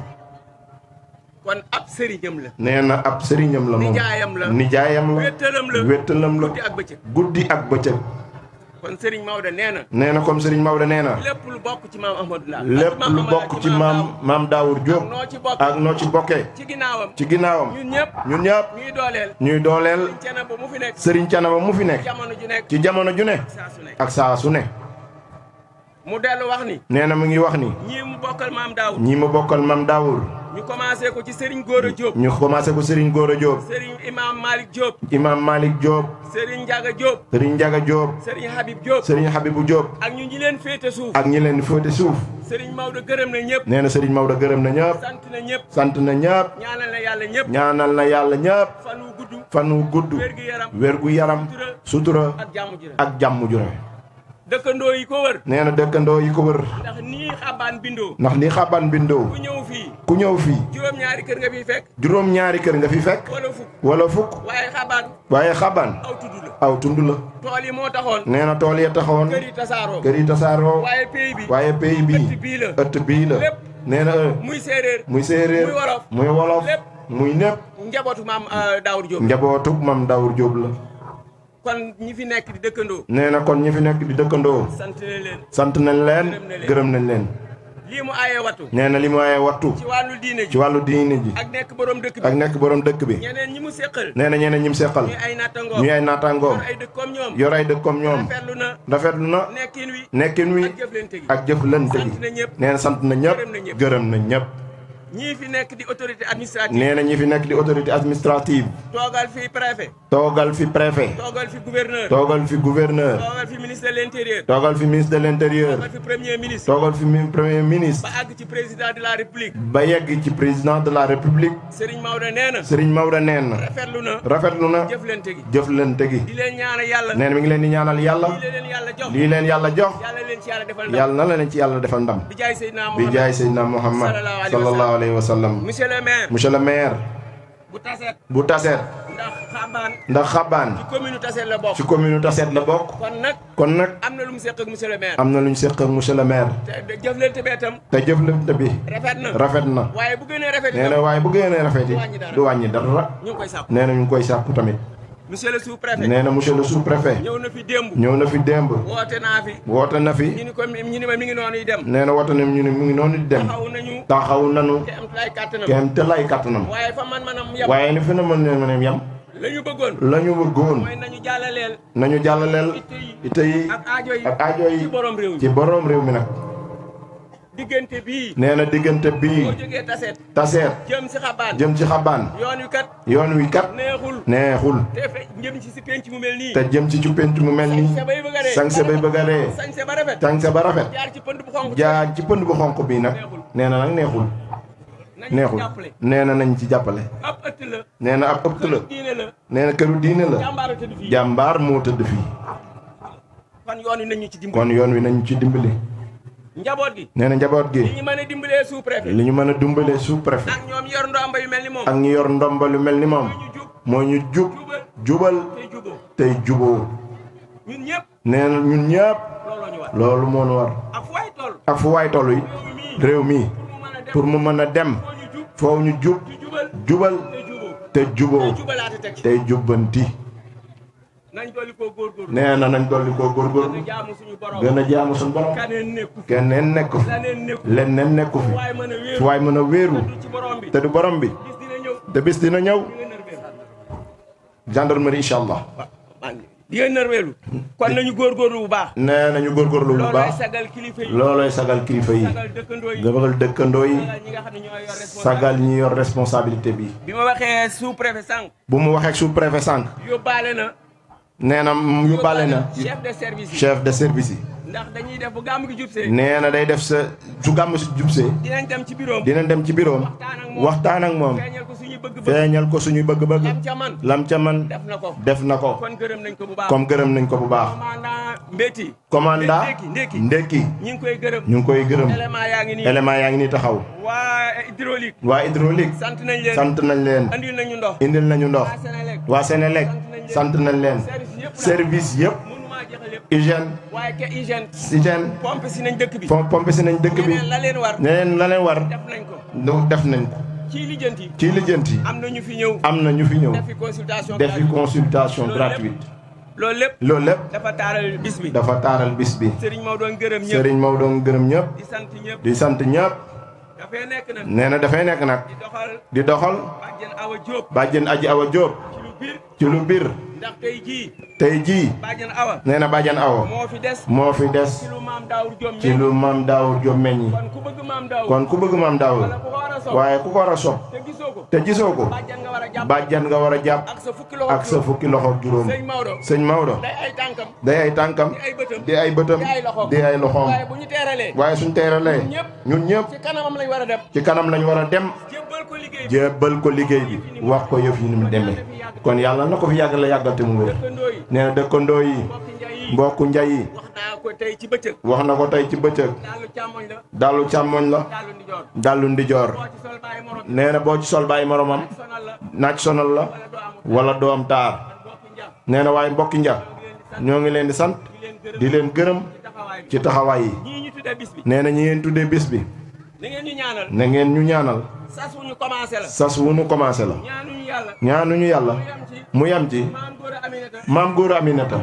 kon ab sëriñam la. nee na ab sëriñam la moom nijaayam la wéttalam la guddi ak bëccëg. guddi ak kon Serigne Maodo nee na. nee sëriñ comme Serigne Maodo nee na. lépp lu bokk ci maam Ahmadou Lam. lépp lu bokk ci maam maam Daour Diop. ak noo ci bokkee ak noo ci bokkee. ginnaawam ci ginnaawam. dooleel. ñuy dooleel. mu fi nekk. ci jamono ju ne. ak saa su ne. mu mu ngi wax ni. ñii mu bokkal maam Daour. ñu commencé ko ci Serigne Gora Diop. ñu commencé ko Serigne Gora Diop. Serigne Imam Malick Diop. Imam Malick Diop. Serigne Ndiaga Diop. Habib Diop. Serigne Habibu Diop. ak ñu ñi féete suuf. ak ñi féete suuf. Serigne Maodo gërëm na ñëpp. nee na Serigne Maodo gërëm na ñëpp. sant na ñëpp. sant na ñaanal na yàlla ñëpp. ñaanal na yàlla ñëpp. fan wu gudd. fan wu gudd. wér gu yaram. wér gu sutura. ak jàmm jure dëkkandoo yi ko wër. na dëkkandoo yi ko wër. ndax nii xabaan bindoo. ndax nii xabaan bindoo. ku ñëw fii. ku ñëw fii. juróom-ñaari kër nga fi fekk. juróom-ñaari kër nga fi fekk. wala fukk wala fukk. waaye xaban waaye xabaan. aw tund la tool yi moo taxoon. nee na tool yi tasaaroo. kër tasaaroo. waaye pay bi. ëtt bii la ëtt bii la. Euh, muy séeréer. muy séeréer muy wolof. muy wolof. lépp muy népp. njabootu maam euh, Daour Diop. la kon ñi fi nekk dëkkandoo. nee na kon ñi fi nekk di dëkkandoo. sant nañ leen. gërëm nañ leen. lii mu aayee wattu. nee na li mu wattu. ci wàllu diine ji ci ak nekk borom dëkk bi ak nekk borom dëkk bi. ñeneen ñi mu seqal. nee na ñeneen ñi mu seqal. ñuy ay naataangoom ñuy yor ay dëkkoom ñoom. yor ay dëkkoom ñoom. rafetlu na rafetlu wi nekkin wi. ak jëflante gi ak sant na ñëpp nee sant na ñëpp. gërëm na ñëpp. ñii fi nekk di autorité administrative. nee na ñi fi nekk di autorité administrative. toogal fi préfet. toogal fi préfet. toogal fi gouverneur. toogal fi gouverneur. toogal fi ministre de l' intérieur. toogal fi ministre de l' intérieur. toogal fi premier ministre. toogal fi premier ministre. ba àgg ci président de la république. ba yegg ci président de la république. Serigne Maodo nee na. Serigne Maodo nee na. rafetlu na. rafetlu na jëflante gi. jëflante gi. di leen ñaanal yàlla. nee na mi ngi leen di ñaanal yàlla. lii leen yàlla jox lii leen yàlla jox. yàlla na leen ci yàlla defal ndam. yàlla na leen ci yàlla defal ndam. bi jaay Seydina Mohamed. bi jaay Seydina Mohamed. sallallahu alayhi wa sallam. monsieur le maire bu Tasset bu Tasset. ndax Xabaan. ndax Xabaan. ci commune Tasset la bokk. ci commune Tasset la bokk. kon nag. kon nag am na lu mu monsieur le maire. am na lu ñu seq ak monsieur te jëflante tam. te jëflante rafet na waaye bu gënee rafet nee na waaye bu gënee du wàññi dara nee na ñu koy sàkku tamit. monsieur le sous-préfet nee na monsieur le sous-préfet. ñëw na fi démb. ñëw na fi démb. woote naa fi. woote na fi. ñu ni ko ñu mi ngi noonu dem. nee woote na ñu ni mi noonu dem. taxaw nañu. taxaw nañu. kéem te lay kàttanam. waaye fa man manam yam. waaye ni fi na mën manam yam. la ñu bëggoon la ñu bëggoon. mooy nañu jàllaleel. nañu jàllaleel. ite yi ak aajo ak aajo yi. ci borom réew mi nag. diggante nee na diggante bii. taseet. jëm ci xabaan. jëm ci xabaan. yoon wi kat. neexul. te jëm ci si mu mel nii. te ci ci mu mel nii. sañse bay bëgg ree. sañse ba rafet. sañse ba rafet. jaar ci pënd bu xonq. bii nag. neena na nag neexul. neexul nee na nañ ci jàppale. ab ëtt la. nee na ab ëtt la. nee na këru diine la. jàmbaar moo tëdd fii. kon yoon wi nañu ci dimbali. njaboot gi njaboot gi li ñu mën a dimbalee sous préfet ak yor ndomba yu mel ni moom ñu yor ndomba mel ni moom moo ñu jub jubal tey juboo ñun ñëpp nee ñun ñëpp loolu moo ñu war ak fu waay yi réew mi pour mu mën a dem foo ñu jub jubal te juboo tey jubbanti nee na nañ dolli koo góorgóorlu gën a jaamu suñu borom keneen nekku fi leneen nekku fi waaye mën a wéeru te du borom bi te bis dina ñëw gendarmerie incha allah. di ngeen baax. nee nañu góorgóorlu bu baax loolooy sagal kilifa yi gëbal dëkkandoo yi sagal ñi yor responsabilité bi. bi ma waxee sous préfet sànq. bu mu waxee sous préfet sànq. nee na mu yóbbaale na chef de service yi chef de service yi. na day def sa su gàmm si jubsee. dinañ dem ci bureau dinañ dem ci bureau waxtaan ak moom feeñal ko suñuy bëgg-bëgg. feeñal ko suñuy bëgg-bëgg. lam ca def na ko def gërëm nañ ko bu baax comme gërëm nañ ko bu baax. commandant Mbéti. commandant ñu ngi koy gërëm ñu ngi yaa ngi nii taxaw. waa hydraulique. nañ leen sant nañu ndox sant nañ leen service yëpp hygiène waaye pompe si nañ dëkk bi pompe si nañ dëkk bi la leen war ñeneen la war def nañ ko def nañ ko ci lijjanti ci lijjanti am na ñu fi ñëw am na ñu fi ñëw defi consultation defi consultation loolu lépp loolu lépp dafa taaral bis bi dafa taaral bis bi Serigne Maodo doon gërëm ñëpp di sant ñëpp di sant ñëpp dafay nekk nag nee na dafay nekk nag di doxal di Awa Diop bàjjen aji Awa Diop ci lu biir ndax tey jii nee na bàjjan awa moo fi des ci lu maam daawur jom meññi kon ku bëgg maam daawur waaye ku ko war a sopp te gisoo ko bàjjan nga war a jàpp ak sa fukki loxo juróom sëñ Maodo day ay tànkam di ay bëtam di ay loxoom waaye suñ teeralee ñun ñëpp ci kanam lañ war a dem jébbal ko liggéey bi wax ko yëf yi ni mu demee kon yàlla na ko fi yàgg la yàggal te mu wér nee na dëkkandoo yi mbokku njay yi wax na ko tey ci bëccëg dalu càmmoñ la dalu ndijoor nee na boo ci sol bàyyi moromam naaj sonal la wala doom taar nee na waaye mbokki nja ñoo ngi leen di sant di leen gërëm ci taxawaay yi nee na ñi ngeen tuddee bis bi na ngeen ñu ñaanal sas wu ñu commencé la. sas ñu yàlla. mu yam ci. maam góor Aminata.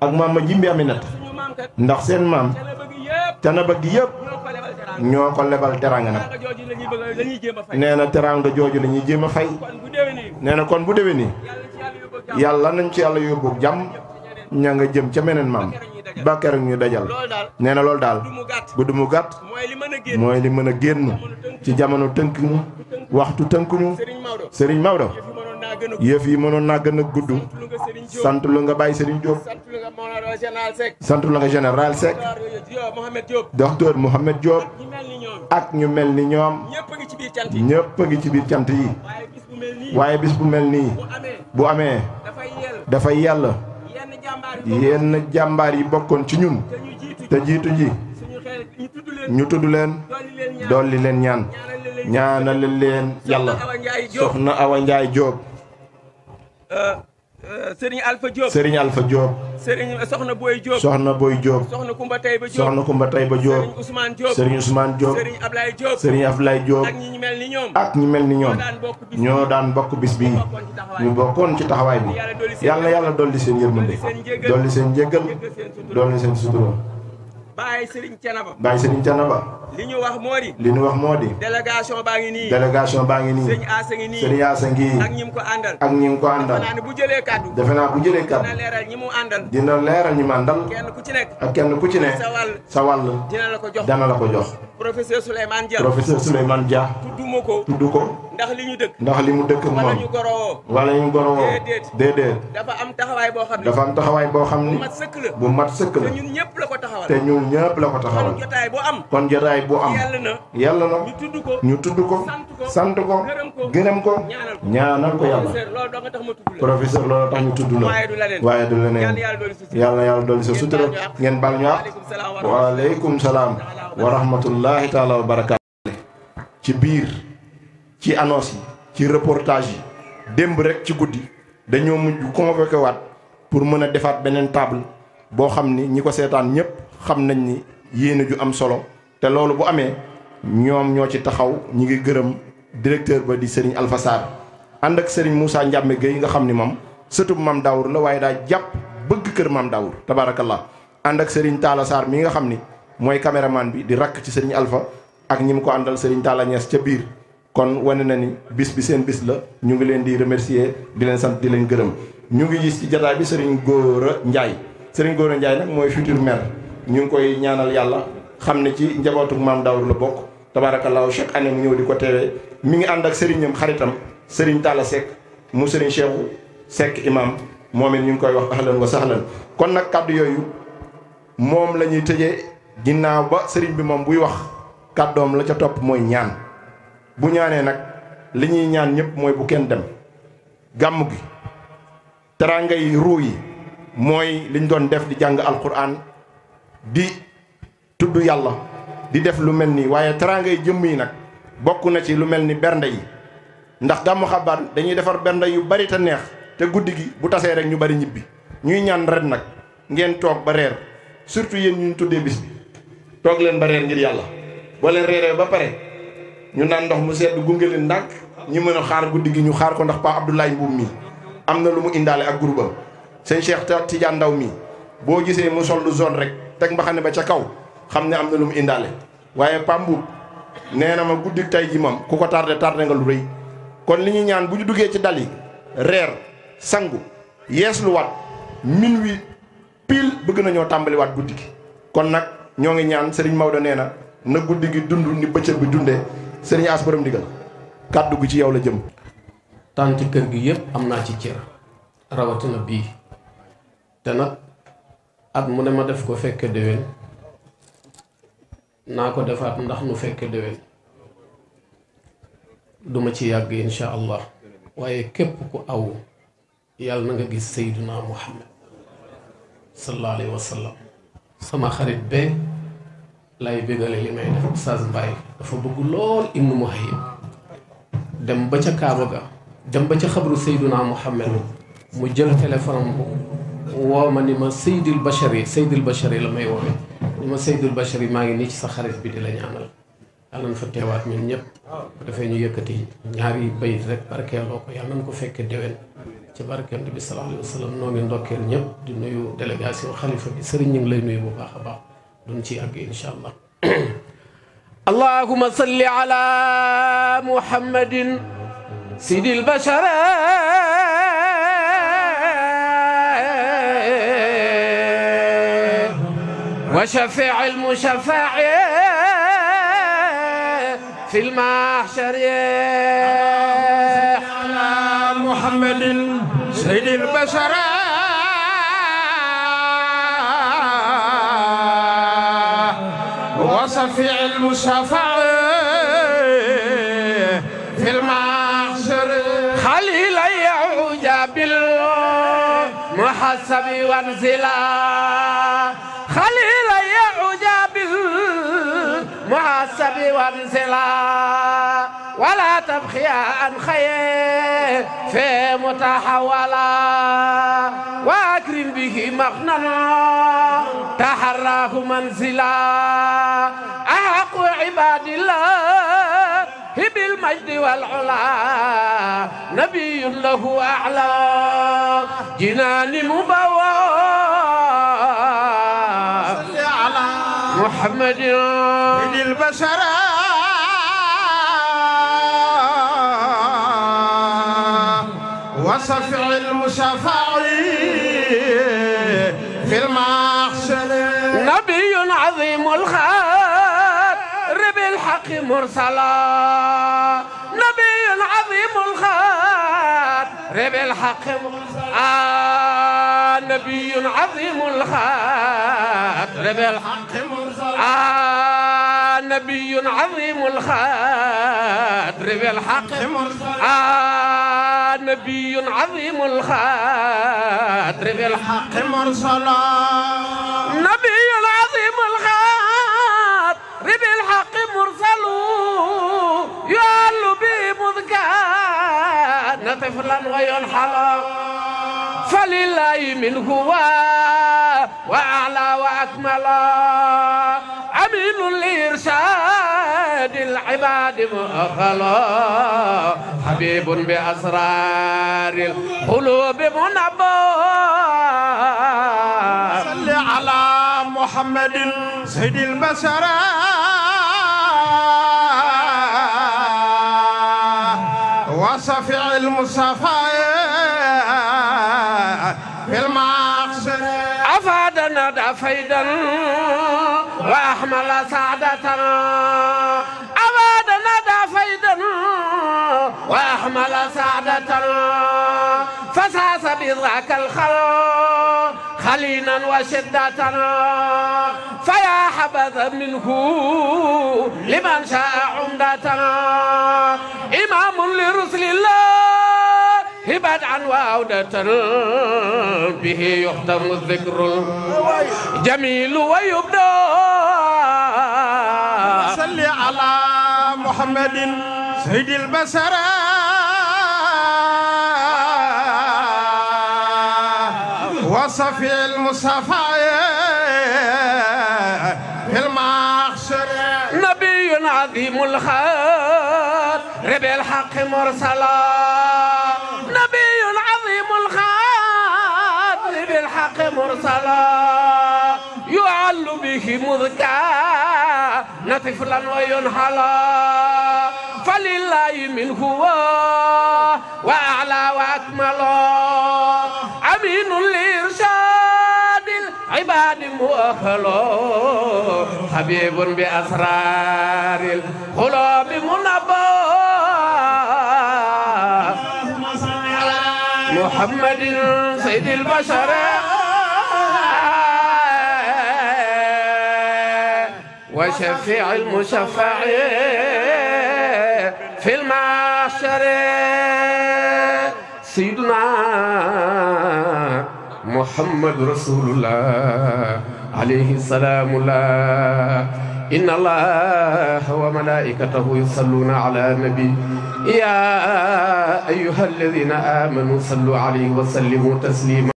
ak maam ma jimbi Aminata. ndax seen maam. te na bëgg yëpp. ñoo ko lebal teranga nag. nee na teranga jooju lañuy jéem a fay. nee na kon bu déwénee. yàlla nañ ci yàlla yóbbu jàmm. ña nga jëm ca meneen maam. bàkkaar ñu dajal nee na loolu daal gudd mu gàtt mooy li mën a génn ci jamono tënk ñu waxtu tënk ñu Serigne Maodo yëf yi mënoon naa gën a gudd sant lu nga bàyyi Serigne Diop sant lu nga général Seck docteur Mohamed Diop ak ñu mel ni ñoom ñëpp a ngi ci biir cant yi waaye bis bu mel nii bu amee dafay yàlla. yenn jàmbaar yi bokkoon ci ñun te jiitu ji ñu tudd leen dolli leen ñaan ñaanal leen yàlla soxna Awa Njaay Jóob Serigne Alpha Diop Serigne Alpha Soxna Boy Diop. Soxna Boy Diop. Soxna Kumba Tayba Diop. Soxna Kumba Tayba Diop. Serigne Ousmane Diop. Serigne Ousmane Diop. ak ñi mel ni ñoom. ñoo daan bokk bis bi ñu bokkoon ci taxawaay bi. yàlla yàlla dolli seen yërmande. dolli seen jéggal dolli seen sutura. Baye Serigne Thiénaba Baye Serigne Thiénaba li ñu wax moo di li ñu wax moo di délégation baa ngi nii délégation baa ngi nii sëñ Asa ngi nii sëñ Asa ngi ak ñi ko àndal ak ñi mu ko àndal defe naa dina leeral ñi mu ak kenn ku ci nekk sa wàll sa ko jox dana la ko jox professeur Souleymane Dia professeur Souleymane Dia tudd ma ko tudd ko ndax li mu dëkk moom wala ñu gorowoo wala ñu gorowoo dafa am taxawaay boo xam ne bu mat sëkk la bu mat sëkk te ñun ñëpp la ko taxawal kon jotaay bu am kon yàlla na yàlla ñu tudd ko sant ko gërëm ko ñaanal ko yàlla professeur loolu tax ñu tudd la waaye du leneen yàlla yàlla dolli sa sutura ngeen bal ñu ak waaleykum salaam wa rahmatullahi taala wa barakaatu ci biir ci annonce yi ci reportage yi démb rek ci guddi dañoo mujj convoqué waat pour mën a defaat beneen table boo xam ni ñi ko seetaan ñëpp xam nañ ni yéene ju am solo te loolu bu amee ñoom ñoo ci taxaw ñi ngi gërëm directeur ba di Serigne Alpha Sarr ànd ak Serigne Moussa Ndiambe Gueye nga xam ni moom sëtub Mame Dawour la waaye daa jàpp bëgg kër Mame Dawour tabaarakallah ànd ak Serigne Talla Sarr mi nga xam ni mooy caméraman bi di rakk ci Serigne alfa ak ñi mu ko àndal Serigne Talla Niass ca biir kon wane na ni bis bi seen bis la ñu ngi leen di remercier di leen sant di leen gërëm ñu ngi gis ci jataay bi Serigne Gora Ndiaye sëriñ Gora Ndiaye nag mooy futur maire ñu ngi koy ñaanal yàlla xam ne ci njabootu maam Daawur la bokk tabaarakallaahu chaque année mu ñëw di ko teewee mi ngi ànd ak Serigne xaritam Serigne Talla Seck mu Serigne Cheikhou Seck imam moom it ñu ngi koy wax ahlan wa sahlan kon nag kàddu yooyu moom la ñuy tëjee ginnaaw ba sëriñ bi moom buy wax kàddoom la ca topp mooy ñaan. bu ñaanee nag li ñuy ñaan ñëpp mooy bu kenn dem gàmm gi teraangay ruu yi mooy liñ doon def di jàng alquran di tudd yàlla di def lu mel nii waaye teraangay jëmm yi nag bokk na ci lu mel ni bernde yi ndax gàmmu xabaar dañuy defar bernde yu bari te neex te guddi gi bu tasee rek ñu bari ñibbi ñuy ñaan ren nag ngeen toog ba reer surtout yéen ñu tuddee bis bi toog leen ba reer ngir yàlla boo reeree ba pare ñu naan ndox mu sedd gunge leen ndànk ñi mën a xaar guddi gi ñu xaar ko ndax Pa Abdoulaye Mbuub mi am na lu mu indaale ak groupam sëñ Cheikh Tidiane Ndaw mi boo gisee mu sol lu zone rek teg mbaxane ba ca kaw xam ne am na lu mu indaale waaye Pa Mbuub nee na ma guddi tey ji moom ku ko tardé tardé nga lu rëy kon li ñu ñaan bu ñu duggee ci dal yi reer sangu yees lu wat minuit pile bëgg nañoo tàmbaliwaat guddi gi kon nag ñoo ngi ñaan Serigne Maodo nee na na guddi gi dund ni bëccëg bi dundee sëriñ As borom ndigal kàddu gu ci yow la jëm. tànn kër gi yëpp am naa ci cër rawatina bii te nag at mu ne ma def ko fekke déwén naa ko defaat ndax nu fekke déwén duma ci yàgg incha allah waaye képp ku aw yàlla na nga gis sayduna muhammad sallallahu alayhi wa sama xarit be lay bégale li may def Oustaz Mbaye dafa bëgg lool Ibnu Muhayyib dem ba ca Kaaba ga dem ba ca xabru Seyduna Muhammad mu jël téléphone bu woo ma ni ma Seydil Bachari Seydil Bachari la may woowee ni ma Seydil Bachari maa ngi nii ci sa xarit bi di la ñaanal yàlla na fa teewaat ñun ñëpp dafay ñu yëkkati ñaari bayit rek barkeeloo ko yàlla nañ ko fekkee déwén ci barkeel bi sallallahu alayhi wa noo ngi ndokkeel ñëpp di nuyu délégation xalifa bi sëriñ ñu ngi lay nuyu bu baax a baax duñ ci àgg incha allah allahuma salli ala muhammadin sidil bashara wa shafi'il mushaffa'i fil mahshar ala muhammadin sidil bashara شفيع المشفع في المعشر خليل يعود بالمحسب وانزلا خليل يعود بالمحسب وانزلا ولا تبخي عن خير في متحولا واكرم به مغنما تحراه منزلا احق عباد الله بالمجد والعلا نبي له اعلى جنان مبوى محمد من البشر المرسلات نبي عظيم الخات رب الحق آه نبي عظيم الخات رب الحق آه نبي عظيم الخات رب الحق آه نبي عظيم الخات رب الحق مرسلا نبي العظيم الخات المرسل يعل بمذ كان طفلا وينحل فلله منه وأعلى وأكمل أمين لإرشاد العباد مؤخلا حبيب بأسرار القلوب منبا صل على محمد سيد البشر وصفع المصطفى في المعصر أفادنا دفيدا وأحمل سعادتنا أفادنا دفيدا وأحمل سعادتنا فساس بذاك الخلق خلينا وشدتنا فيا حبذا منه لمن شاء عمدتنا إمام لرسل الله بدعا وعودة به يختم الذكر جميل ويبدى صل على محمد سيد البشر وصفي المصطفى عظيم الخال ربي الحق مرسلا نبي عظيم الخال ربي الحق مرسلا يعل به مذكى نطفلا وينحلى فلله من هو وأعلى وأكمل أمين الإرشاد عباد مؤخلو حبيب بأسرار القلوب منبو محمد سيد البشر وشفيع المشفع في المعشر سيدنا محمد رسول الله عليه السلام لا إن الله وملائكته يصلون على النبي يا أيها الذين آمنوا صلوا عليه وسلموا تسليما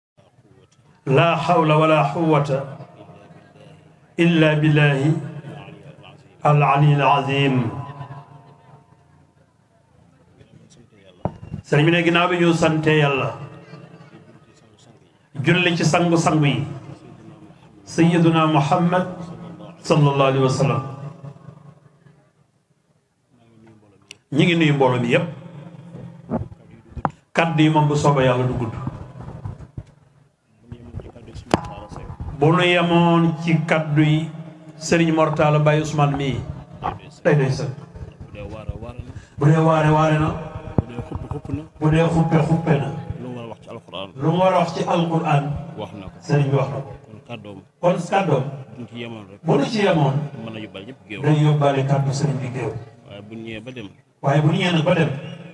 لا حول ولا قوة إلا بالله العلي العظيم سلمنا جنابي يسنتي الله julli ci sangu-sangu yi sayyiduna muhammad sallallahu alayhi wa sallam ñi ngi nuyu mbooloo mi yépp kaddu moom bu sooba yàlla du gudd bu nu yemoon ci kaddu yi sëriñ mortala Baye Ousmane mii day day sëg bu dee waare waare na bu dee xuppe xuppe na lu mu a wax ci alquran wax na ko sëriñ bi wax na ko kon kàddoom kon kàddoom buñ ci yemoon rek bu ñu ci yemoon mën a yóbbaale ñëpp géew day yóbbaale kàddu sëriñ bu ñu ñëwee ba dem waaye bu ñu ñëwee nag ba dem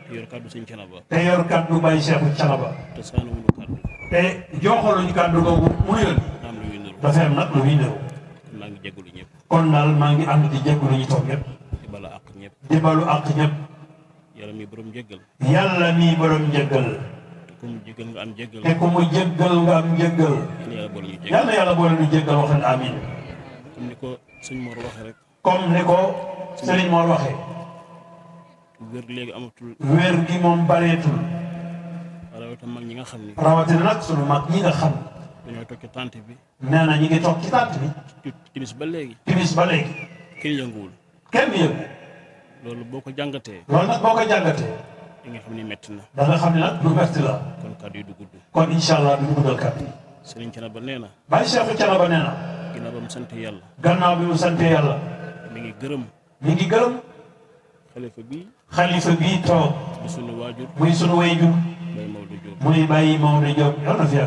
te yor kàddu sëñ canaba te yor kàddu bàyyi cheikhu canaba te saanawuñu kàddu te joxaluñu kàddu googu mu yoon am lu muy nëru dafa am nag lu muy nëru maa ngi jégalu ñëpp kon daal maa ngi ànd di jégalu ñu toog ñëpp di balu àq ñëpp di balu àq ñëpp yàlla mi borom jéggal yàlla mi borom jéggal te ku mu jéggal nga am jéggal yàlla yàlla boole ñu jéggal waxal amin comme ni ko sëñ Mor waxee rek comme ni ko sëriñ Mor waxee wér gi léegi amatul moom bareetul rawatina mag ñi nga xam ni rawatina nag sunu mag ñi nga xam dañoo toog ci tànt bi nee na ñu ngi ci tànt bi timis ba léegi timis ba léegi kenn yënguwul kenn yëngu loolu boo ko jàngatee loolu nag boo ko jàngatee li nga xam ni métti na da nga xam ne nag lu yi du gudd kon incha allah du ñu guddal kàddu yi sëriñ Canaba nee na bàyyi ba mu sant yàlla gannaaw bi mu sant yàlla mi ngi gërëm mi ngi gërëm xalifa bi xalifa bi toog muy sunu waajur muy sunu waajur muy Maodo Diop muy bàyyi Maodo Diop yal na fi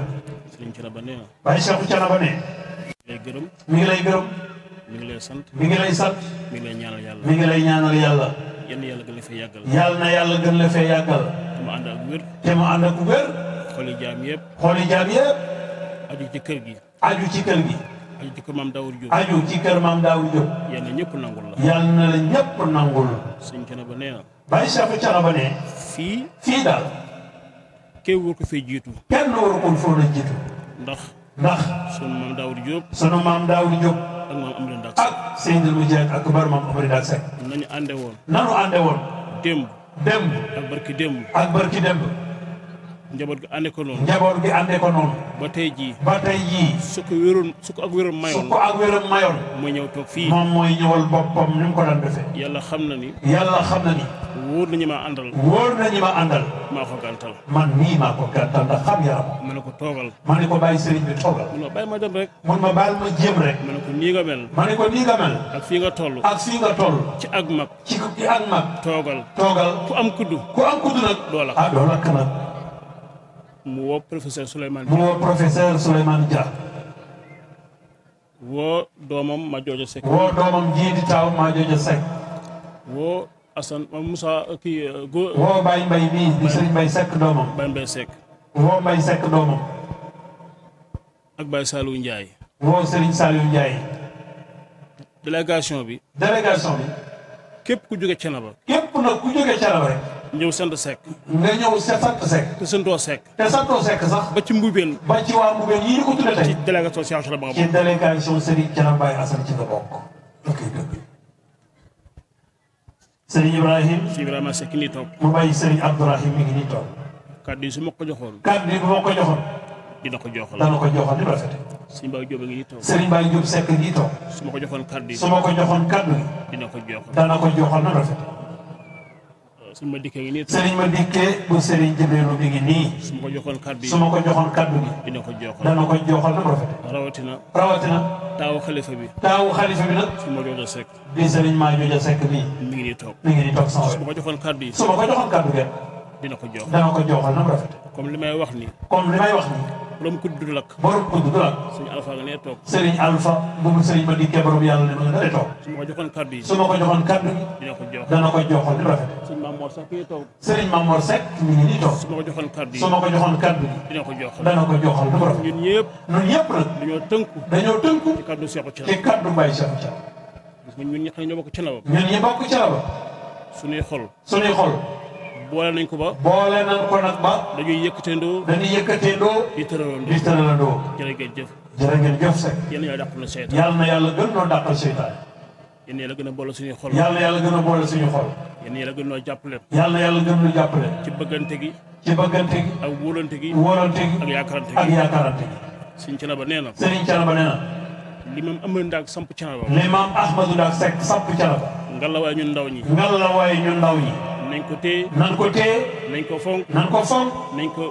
ngi lay sant mi ngi lay sant mi ngi lay ñaanal yàlla mi ngi yal na yàlla gën la fee yàggal. yal na yàlla gën la fee yàggal. te mu ànd ak wér. te mu ànd ak wér. xooli jaam yëpp. xooli jaam yëpp. aju ci kër gi. aju ci kër gi. aju ci kër maam Daawur Jóob. aju ci kër maam Daawur Jóob. yal na ñëpp nangul la. yal na la ñëpp nangul. fii. fii daal. kenn waru ko fee jiitu. kenn waru ko foon jiitu. ndax. ndax. sunu maam Daawur Jóob. sunu maam Daawur Jóob. ak maam Amary Ndack Seck ak Seydil Mujahid ak bar maam Amary Ndack Seck nañu ànde woon nanu ànde woon démb démb ak barki démb ak barki démb njaboot gi ànde njaboot gi ànde ko tey jii. ba tey jii. su ko wéroon su mayoon. su mooy ñëw toog fii. moom mooy ñëwal boppam ni mu ko daan defee. yàlla xam na ni. yàlla xam na ni. wóor nañu ma àndal. wóor nañu ma àndal. maa ko gàntal. man nii maa ko gàntal ndax xam yaram. ma ne toogal. ma ne ko toogal. mun ma ma dem rek. mun ko nii nga mel. ma ne nii nga ak fii nga toll. ak fii nga toll. ci ag mag. ci ak mag. toogal. toogal ku am kuddu. ku mu woo professeur Souleymane Dia mu woo professeur Souleymane Dia. woo doomam Madiodio Seck. woo doomam jii di taaw Madiodio Seck. woo Assane uh, Moussa uh, uh, woo Baye Mbaye mii di Serigne Mbaye doomam. Baye Mbaye Seck. woo Mbaye Seck doomam. ak Baye Saliou Ndiaye. woo Serigne Saliou Ndiaye. délégation bi. délégation bi. képp ku jóge Thiénaba. képp nag ku jóge Thiénaba rek. ñëw sant sekk nga ñëw sant sekk te santoo sekk te santoo sekk sax ba ci mbubeen ba ci waa mbubeen yi ñu ko tudde tey ci délégation Cheikh Thioro ba nga bokk ci délégation Serigne Thioro Mbaye Assane ci nga bokk ok dëgg Serigne Ibrahim si Ibrahima Seck nii toog mu bàyyi Serigne Abdourahim mi ngi nii toog kàddu yi su ma ko joxoon kàddu yi bu ma ko joxoon dina ko joxal dana ko joxal ni mu rafetee Serigne Baye Diop ngi nii toog Serigne Baye Diop Seck ngi nii toog su ma ko joxoon kàddu yi su ma ko joxoon kàddu yi dina ko joxal dana ko joxal na rafetee suñ ma dikkee ngi nii. sëriñ su ma ko joxoon kaddu gi su ma ko joxoon kar gi. dina ko joxoon dana ko joxoon nag rafet. rawatina. bi. taawu su ma jooja sekk. bi bii. mi ma ko joxoon kaddu yi. su ma ko joxoon dina ko joxoon dana ko joxoon nag rafet. comme li may wax nii. comme li may wax nii. borom ku dudd lakk borom ku dudd lakk sëñ Alpha nga nee toog sëriñ Alpha boobu sëriñ ma dikkee borom yàlla ne ma nga nee toog su ma ko joxoon kaddu yi su ma ko joxoon kaddu yi dina ko jox dana ko joxoon di rafet sëriñ Mamor Seck mi ngi toog sëriñ Mamor Seck mi ngi nii toog su ma ko joxoon kaddu yi su ma ko joxoon kaddu yi dina ko jox dana ko joxal di rafet ñun ñëpp ñun ñëpp nag dañoo tënku dañoo tënku ci kaddu Seexu Thiénaba ci kaddu Mbaye Seexu Thiénaba ñun ñi xam ne ñoo bokk Thiénaba ñun ñi bokk Thiénaba suñuy xol suñuy xol boole nañ ko ba. boole nañ ko nag ba. dañuy yëkkateendoo. dañuy yëkkateendoo. di tëralandoo di tëralandoo. jërëjëf. jërëjëf Seck. yéen yàlla dàqal na seytaan. yàlla na yàlla gën noo dàqal seytaan. yéen a boole suñuy xol. yàlla yàlla gën a boole suñuy xol. yéen yàlla gën noo jàppale. yàlla yàlla gën noo jàppale. ci bëggante gi. ci bëggante gi. ak wóolante gi. wóolante gi ak yaakaarante gi ak yaakaarante gi. sëñ Canaba nee na. sëñ Canaba nee na. limaam Ahmadou Ndaak samp Canaba. limaam Ahmadou Ndaak Seck samp Canaba. ngalla waaye ndaw ñi. ngalla waaye ndaw ñi. nañ ko téye. nañ ko téye. nañ ko fonk. nañ ko fonk. nañ ko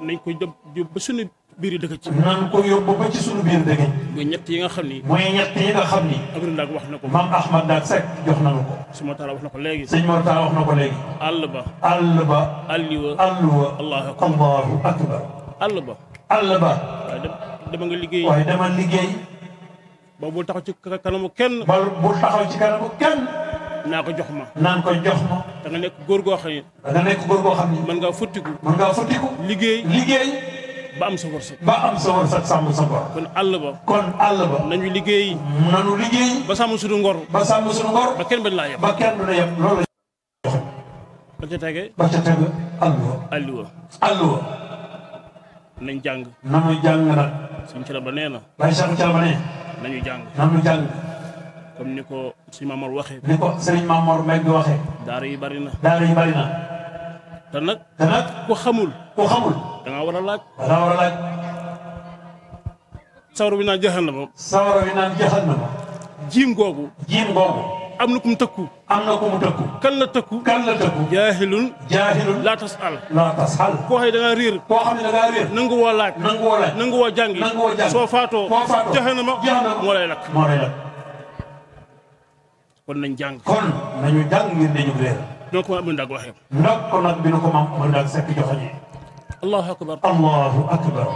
nañ ko yóbbu ba sunu biir dëkk ko yóbbu ba ci sunu biir dëkk. muy ñett yi nga xam ni. muy ñett yi nga xam ni. Abdou Ndaak wax na ko. maam Ahmad Ndaak Seck jox ko. su Mor Talla wax na ko léegi. sëñ Mor Talla ko léegi. àll ba. ba. alliwa. alliwa. allahu akbar. àll ba. àll ba. waaye dama nga liggéey. waaye dama liggéey. ba bu ko jox ma. naan ko jox ma. da nga nekk góor goo xam ne. da nekk góor goo xam ne. mën ngaa futtiku. mën ngaa futtiku. liggéey liggéey. ba am sa wërsëg. ba am sa sa bor. kon àll ba. kon àll ba. nañu liggéey. nañu liggéey. ba sàmm suñu ngor. ba sàmm suñu ngor. ba kenn bañ laa yem. ba kenn du la yem loolu la. ba ca tege. ba ca tege alluwa. alluwa. alluwa. nañ jàng. nañu jàng nag. suñu ci la ba nee na. waaye sax ci la ba nee. nañu jàng. nañu jàng. comme ni ko sëñ Mamor waxee. ni ko sëñ Mamor Mbengue waxee. yi bari na. yi bari na. te ku xamul. ku xamul. da ngaa war a laaj. da ngaa war a laaj. sawara bi naan jaxal na ma. sawara bi jiim googu. jiim googu. am na ku tëkku. am na ku tëkku. kan la laa tas al. koo xam ne réer. koo xam ne da réer. nangu woo laaj. nangu woo jàngi. soo faatoo. soo moo lay lakk. moo lay lakk. kon nañ jàng. kon nañu jàng ngir dañu réer. donc ma amoon daag waxee. ndox ko nag bi nu ko maam amoon daag sekk joxoñe. allahu akbar. allahu akbar.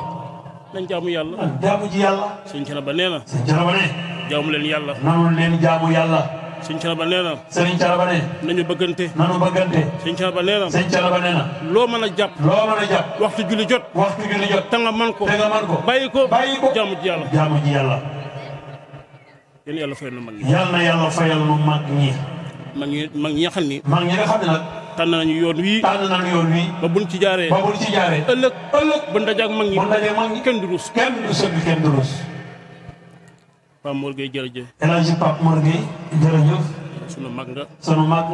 nañ jaamu yàlla. nañ jaamu ji yàlla. sëñ Thiénaba nee na. sëñ Thiénaba nee. jaamu leen yàlla. nanu leen jaamu yàlla. sëñ Thiénaba nee na. sëñ Thiénaba nee. nañu bëggante. na. sëñ Thiénaba nee na. loo mën a jàpp. loo mën a jàpp. waxtu julli jot. waxtu julli jot. te nga man ko. te man ko. bàyyi ko. bàyyi ko jaamu ji yàlla. jaamu ji yàlla. yal na yàlla fayal nu mag ñi. yal na yàlla fayal nu mag nga xam ni. tànn nañu yoon wii. tànn nañu yoon wii. ba buñ ci jaaree. ba buñ ci jaaree. ëllëg ëllëg buñ dajee mag ñi. buñ mag ñi kenn du kenn du rus kenn du rus. Pape mag nga. sunu mag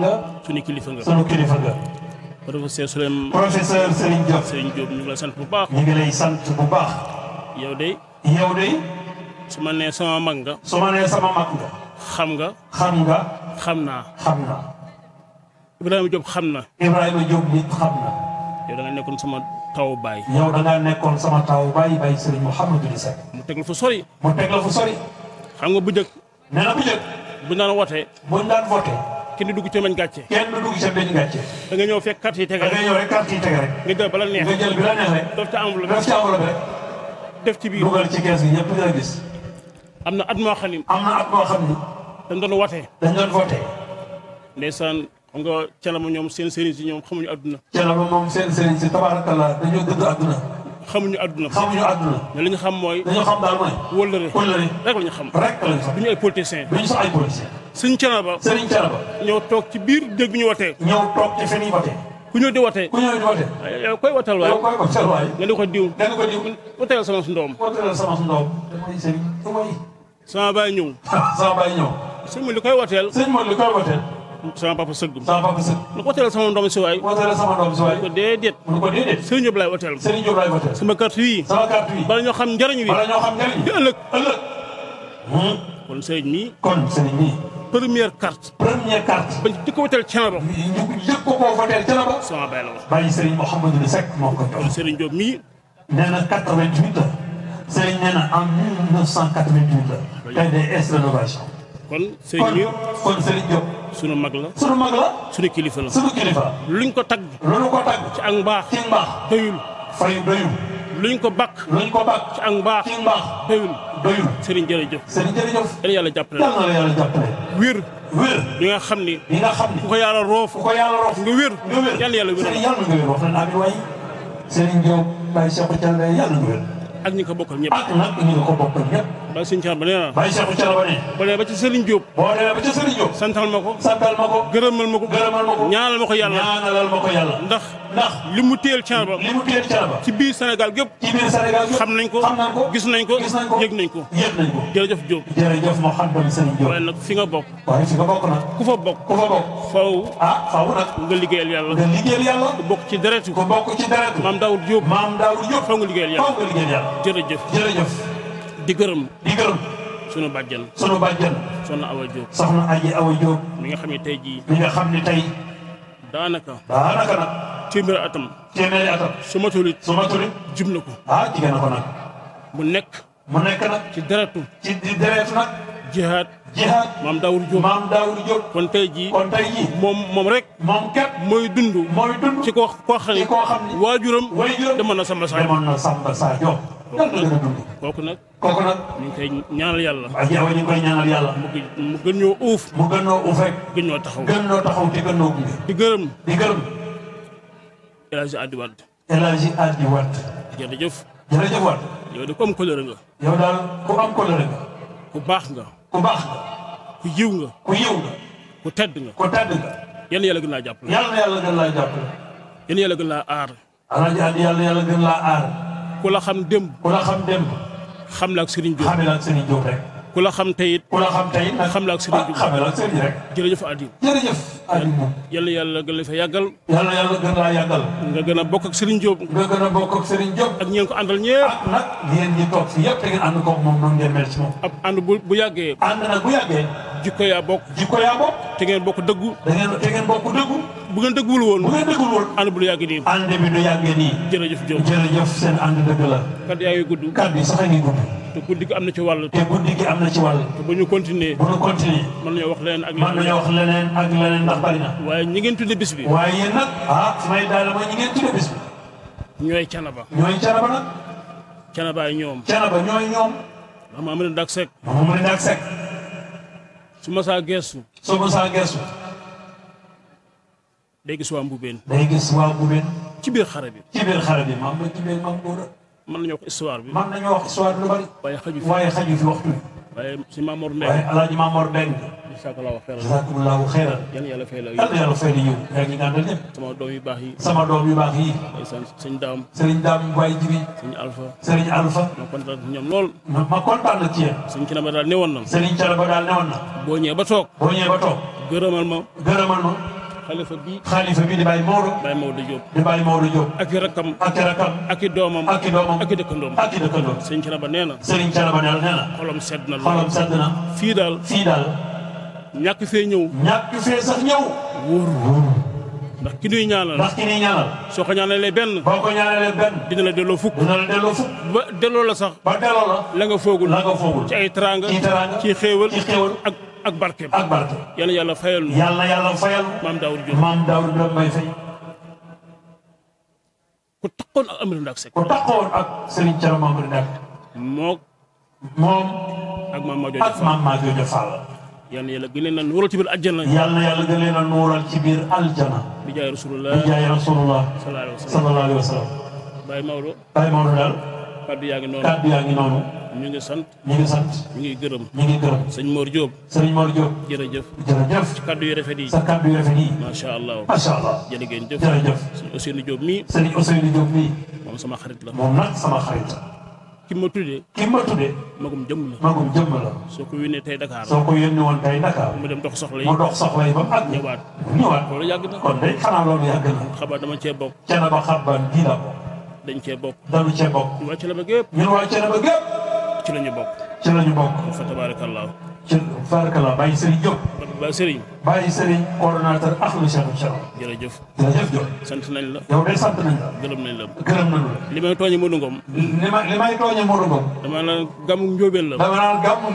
kilifa nga. sunu kilifa nga. professeur Souleym. professeur Serigne Diop. Serigne Diop ñu ngi lay sant bu baax. ñu ngi lay sant bu baax. yow de. yow de. su ma nee sama mag nga. su ma nee sama mag nga. xam nga. xam nga. xam naa. xam naa. Ibrahima Diop xam na. Ibrahima Diop nit xam na. yow da nga nekkoon sama taw baay. yow da nga nekkoon sama taw baay baay Serigne Mouhamadou di Seck. mu teg la fu sori. mu teg la fu sori. xam nga bu njëkk. nee na bu njëkk. buñ daan wootee. buñ kenn dugg ca benn gàcce. kenn du dugg ca benn gàcce. da ñëw fekk carte yi teg rek. da nga jël bala neex. nga jël bi la neex rek. daf ca enveloppe daf ca enveloppe rek. def ci biir dugal ci kees gi ñëpp nga gis. am na at moo xam ni. am na at moo xam ni. dañ doon woote. dañ doon woote. ndeysaan xam nga calama ñoom seen sëriñ si ñoom xamuñu adduna. calama moom seen sëriñ si tabaarakalla dañoo dëgg adduna. xamuñu adduna. xamuñu adduna. mais li ñu xam mooy. li ñu xam daal mooy. wóllare wóllare rek la ñu xam. rek la ñu xam duñu ay politiciens. duñu sax ay politiciens. sëriñ calama. sëriñ calama. ñëw toog ci biir dëgg bi ñu wootee. ñëw toog ci fi ñuy wootee. ku ñëw di wootee. ku ñëw di wootee. yow koy wootal waay. yow koy wootal waay. nga di ko diw. nga di ko diw. wooteel sama ndoom. wooteel sama ndoom. damay sëriñ damay. sama baay ñëw. sama baay ñëw. sëñ bi li koy woteel. sëñ bi li koy woteel. sama papa sëggum sama papa sëggum nu ko woteel sama ndoom si waay woteel sama ndoom si waay ko déedéet mu ko déedéet Serigne Diop laay woteel Serigne Diop laay woteel sama carte yi sama carte yi bala ñoo xam njëriñ wi bala ñoo xam njëriñ wi ëllëg ëllëg hmm? kon Serigne mii kon Serigne mii première carte première carte ba jëkk woteel Thiénaba jëkk ko koo woteel Thiénaba sama bay la woon bàyyi Serigne Mouhamadou Seck moo ko jox Serigne Diop mii nee na 88 la Serigne nee na en 1988 la. PDS rénovation. kon Serigne kon Serigne Diop. sunu mag la sunu kilifa la sunu kilifa. luñ ko tagg. luñ ko tagg. ci ak mbaax ci mbaax. doyul. fayu doyul. luñ ko bakk. luñ ko bakk ci ak mbaax. ci doyul. doyul Serigne jërëjëf. Serigne jërëjëf. yéen yàlla jàppale yàlla jàppale. wér. wér li nga xam ni. li nga xam ni ku ko yàlla roof. ku ko yàlla roof nga wér. nga wér yàlla yàlla wér. Serigne yàlla nga wér wax na naa bi waay. Serigne yàlla nga wér. ak ñi ko bokkal ñëpp. ak nag ñi ba sëñ Thiam ba nee na bay Cheikh Thiam ba ne boo ko santal ma ko gërëmal ma ko gërëmal ma ko ñaanal ma ko yàlla ndax ndax li mu téel Thiam ba ci biir Sénégal gépp xam nañ ko xam nañ ko gis nañ ko yëg nañ ko yëg nañ ko jërëjëf Diop jërëjëf Mouhamed Serigne Diop waaye nag fi nga bokk waaye fi nga bokk nag faw ah faw nag nga liggéeyal yàlla nga liggéeyal yàlla ku bokk ci deretu ku bokk ci deretu maam Daoud Diop faw nga liggéeyal yàlla faw di gërëm di sunu bàjjan sunu bàjjan soxna Awa Diop soxna aji Awa Diop mi nga xam ne tey jii mi nga xam ne tey daanaka daanaka nag téeméeri atam téeméeri atam su tulit su na ko ah jigéen na ko nag mu nekk mu nekk nag ci deretu ci deretu nag jihaad jihaad maam Daawur Diop maam kon tey jii moom moom rek moom képp mooy dund mooy dund ci koo koo xam ne waajuram waajuram na Samba Sa demoon kooku nag kooku nag ñu ngi koy ñaanal yàlla waaw yow ñu ngi koy ñaanal yàlla mu gën ñoo uuf mu gën ñoo uuf rek gën ñoo taxaw gën ñoo taxaw te gën ñoo gunge di gërëm di gërëm El Hadj Adi Wade El Hadj Adi Wade jërëjëf jërëjëf Wade yow de ku am kóllëre nga yow daal ku am kóllëre nga ku baax nga ku baax nga ku yiw nga ku yiw nga ku tedd nga ku tedd nga yéen yàlla gën laa jàppale yàlla yàlla gën laa jàppale yéen yàlla gën laa aar El Hadj Adi yàlla yàlla gën laa aar ku la xam démb. ku la xam démb. xam la ak Serigne Diop xam la ak Serigne Diop rek. ku la xam tey it. ku la xam tey it xam la ak Serigne Diop ah, xam la yàlla yàlla gën la fa yàggal. yàlla yàlla gën laa yàggal. nga gën a bokk ak Serigne Diop. nga gën a bokk ak Serigne Diop. ak ñeen ko àndal ñëpp. ak nag yéen ñi toog si yëpp te ànd koog moom noonu ngeen mel moom. ab ànd bu bu yàggee. ànd nag bu yàggee. jikko yaa bokk. jikko yaa bokk. te bokk dëggu. da bokk dëggu. bu ngeen dëgguwul woon. bu ngeen yàgg nii. ànd bi du yàgg nii. jërëjëf Diop jërëjëf seen ànd dëgg la. kaddu yaa ngi gudd. kaddu yi sax a ngi gudd. te guddi gi am na ci wàll. te guddi gi am na ci wàll. te bu ñu continuer. bu ñu continuer. mën nañoo wax leneen ak. mën nañoo wax leneen ak leneen ndax bari waaye ñi ngeen tu bis bi. waaye yéen nag. ah su may daal mooy ñi ngeen tudde bis bi. ñooy canaba. ñooy canaba nag. canaba ñoom. canaba ñooy ñoom. Mamadou su ma saa geestu. su ma saa geestu. day gis waa Mboubeen. day gis waa Mboubeen. ci biir xare bi. ci biir xare bi maam la ci biir maam Góora. mën nañoo wax histoire bi. mën nañoo wax histoire bi waaye xaju fi waaye xaju fi waxtu bi. waaye si Mamor Mbengue waaye El Hadj Mamor Mbengue. jazaakallaahu xayran jazaakallaahu xayran. yal yaa ngi ñaanal ñëpp. sama doom yu baax yi. sama doom yu baax yi. sëñ Daam. sëriñ Daam yu bàyyi ji bi. sëñ Alpha. sëriñ Alpha. ma kontaan ak ñoom lool. ma kontaan na ci yéen. sëñ Canaba daal newoon na. sëriñ daal newoon na. boo ñëwee ba toog. boo ba toog. gërëmal ma. gërëmal ma. xalifa bi xalifa bi di Baye Maodo Baye Maodo Diop di Baye Maodo Diop ak i rakkam ak i rakkam ak i doomam ak i dëkkandoom ak i dëkkandoom sëñ Thiénaba nee na xolom sedd na xolom fii daal fii fee ñëw ñàkk fee sax ñëw wóoru wóoru ndax ki nuy ñaanal soo ko ñaanalee benn boo ko ñaanalee benn dina la delloo fukk dina la delloo fukk ba delloo la sax ba delloo la la nga foogul la nga foogul ci ay teraanga ci teraanga ak ak barkeem ak barkeem. yal yàlla fayal ñu. yal na yàlla fayal. maam Daoud Diop maam Daoud Diop may fay. ku taxoon ak Amary Ndack Seck. ku taxoon ak Serigne Thiam Amary Ndack. moom. moom. ak maam Madio a nuural ci biir aljana. yàlla gën nuural ci biir aljana. bi jaay rasulullah bi jaay rasulullah. sallallahu alayhi wa sallam. daal. kaddu yaa ngi noonu kaddu yaa ngi noonu. ñu ngi sant. ñu ngi sant. ñu ngi gërëm. ñu ngi gërëm. sëñ Mor Diop. sëñ Mor Diop. jërëjëf. jërëjëf. ci kaddu yu yi. sa kaddu yu rafet yi. macha allah macha allah. jërë ngeen jëf jërëjëf. sëñ Ousseynou Diop mii. sëñ Ousseynou Diop mii. moom sama xarit la. moom nag sama xarit la. ma tuddee. ki ma tuddee. magum jëmm la. magum jëmm la. soo ko yónnee tey Dakar. soo ko yónnee woon tey Dakar. mu dem dox soxla yi mu dox soxla yi ba mu àgg. ñëwaat ñëwaat loolu kon day xanaa loolu dama cee bokk. cee na ba xabaar gii dañ cee bokk. dañu cee bokk. ñu wàcc la ba gépp. ñun waa Thiénaba gépp. ci la ñu bokk. ci la ñu bokk. fa tabaarakallaa. ci tabaarakallaa bàyyi Serigne Diop. bàyyi Serigne. bàyyi Serigne coordonnateur Akhlu Cheikh Thiénaba. jërëjëf. jërëjëf Diop. sant nañ la. yow de sant nañ la. gërëm nañ la. gërëm nañ la. li may tooñe Modou Ngom. li may li may tooñe Modou Ngom. dama naan la. dama naan gàmmum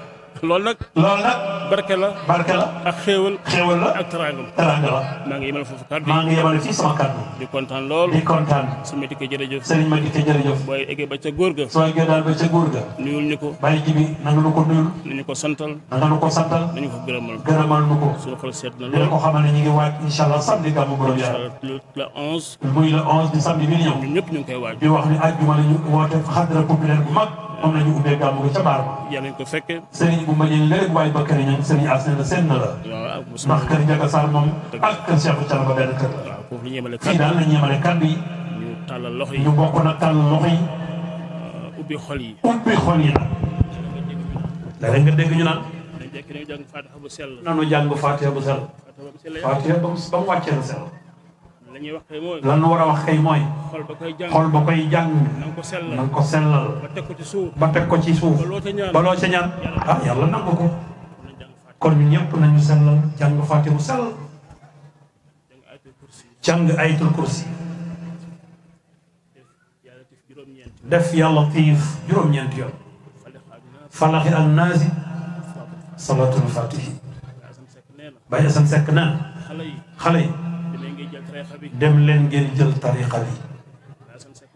loolu nag. loolu nag. barke la. barke la ak xéewal. xéewal la ak teraanga la. teraanga maa ngi yemal foofu kàddu yi maa ngi yemal fii sama kàddu. di kontaan lool. di kontaan. su ma dikkee jërëjëf. sëriñ ma dikkee jërëjëf. booy eggee ba ca góor ga. soo eggee ko. bàyyi bi na nu ko nuyul. na ñu ko santal. na nga nu ko santal. na ko gërëmal. gërëmal nu ko. suñu xol seet na lool. ñu ngi waaj incha allah samedi gàmmu borom yàlla. bi ñëpp ñu ngi koy waaj. di wax ni àjjuma la ñu woote xadra populaire bu mag moom la ñu ubbee gàmmu gi ca baar ba. yàlla ko fekke sëriñ bu ma leen léegi waaye ba kër ñoom sëriñ as na seen na la. ndax kër Ndiaga Sarr moom ak kër Cheikh Thiam ba benn kër la. fii ñu yemale kàddu yi. loxo yi ñu bokk nag tàllal loxo yi. ubbi xol yi ubbi xol yi nag. léeg-léeg ñu naan. nañu jàng Fatiha bu sell. nañu jàng Fatiha bu sell. Fatiha ba mu wàccee la sell. lan war a wax kay mooy xol ba koy jàng na nga ko sellal ba teg ko ci suuf ba loo ca ñaan ah yàlla nangu ko kon ñun ñëpp nañu sellal jàng fatihu sell jàng ayatul kursi def yàlla tiif juróom-ñeenti yoon falaxi ak naasi salaatul fatihi bàyyi asan sekk naan xale yi dem leen ngeen jël tariqa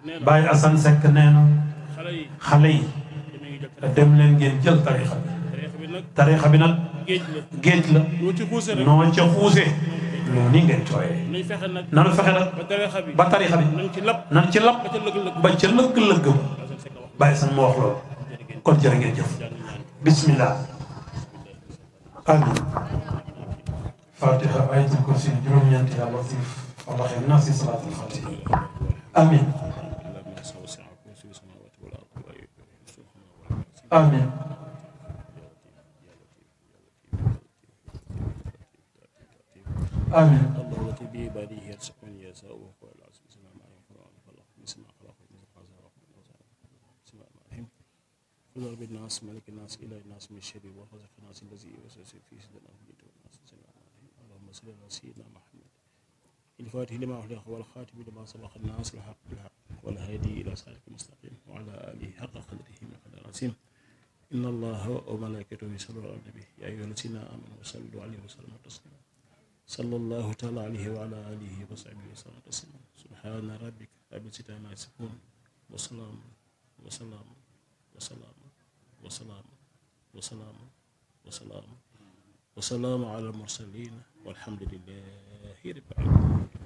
bi bay Assane Seck nee na xale yi dem leen ngeen jël tariqa bi tariqa bi nag géej la noo ca xuuse loolu ni ngeen tooyee nanu fexe nag ba tarixa bi nan ci lab ba ca lëgg-lëgg ba bàyyi san moo wax loolu kon jërë ngeen jëf bismillah amin fatiha ayatul kursi juróom-ñeenti ya latif والله الناس في صلاة الفاتحة آمين آمين آمين الله التي بعباده يرزقون يشاء وهو العزيز السلام عليكم ورحمة الله بسم الله خلق من الحزن رحمة الله بسم الله الرحيم خذ رب الناس ملك الناس إله الناس من الشر وخزف الناس الذي يوسوس في صدر الناس الناس السلام عليكم اللهم صل على سيدنا الفاتح لما أغلق والخاتم لما سبق الناصر الحق بالحق والهادي إلى صراطك المستقيم وعلى آله حق قدره ومقداره العظيم إن الله وملائكته يصلون على النبي يا أيها الذين آمنوا صلوا عليه وسلموا تسليما صلى الله تعالى عليه وعلى آله وصحبه وسلم تسليما سبحان ربك رب العزة عما يصفون وسلام وسلام وسلام وسلام وسلام وسلام وسلام على المرسلين والحمد لله رب العالمين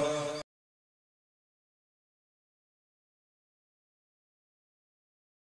yab.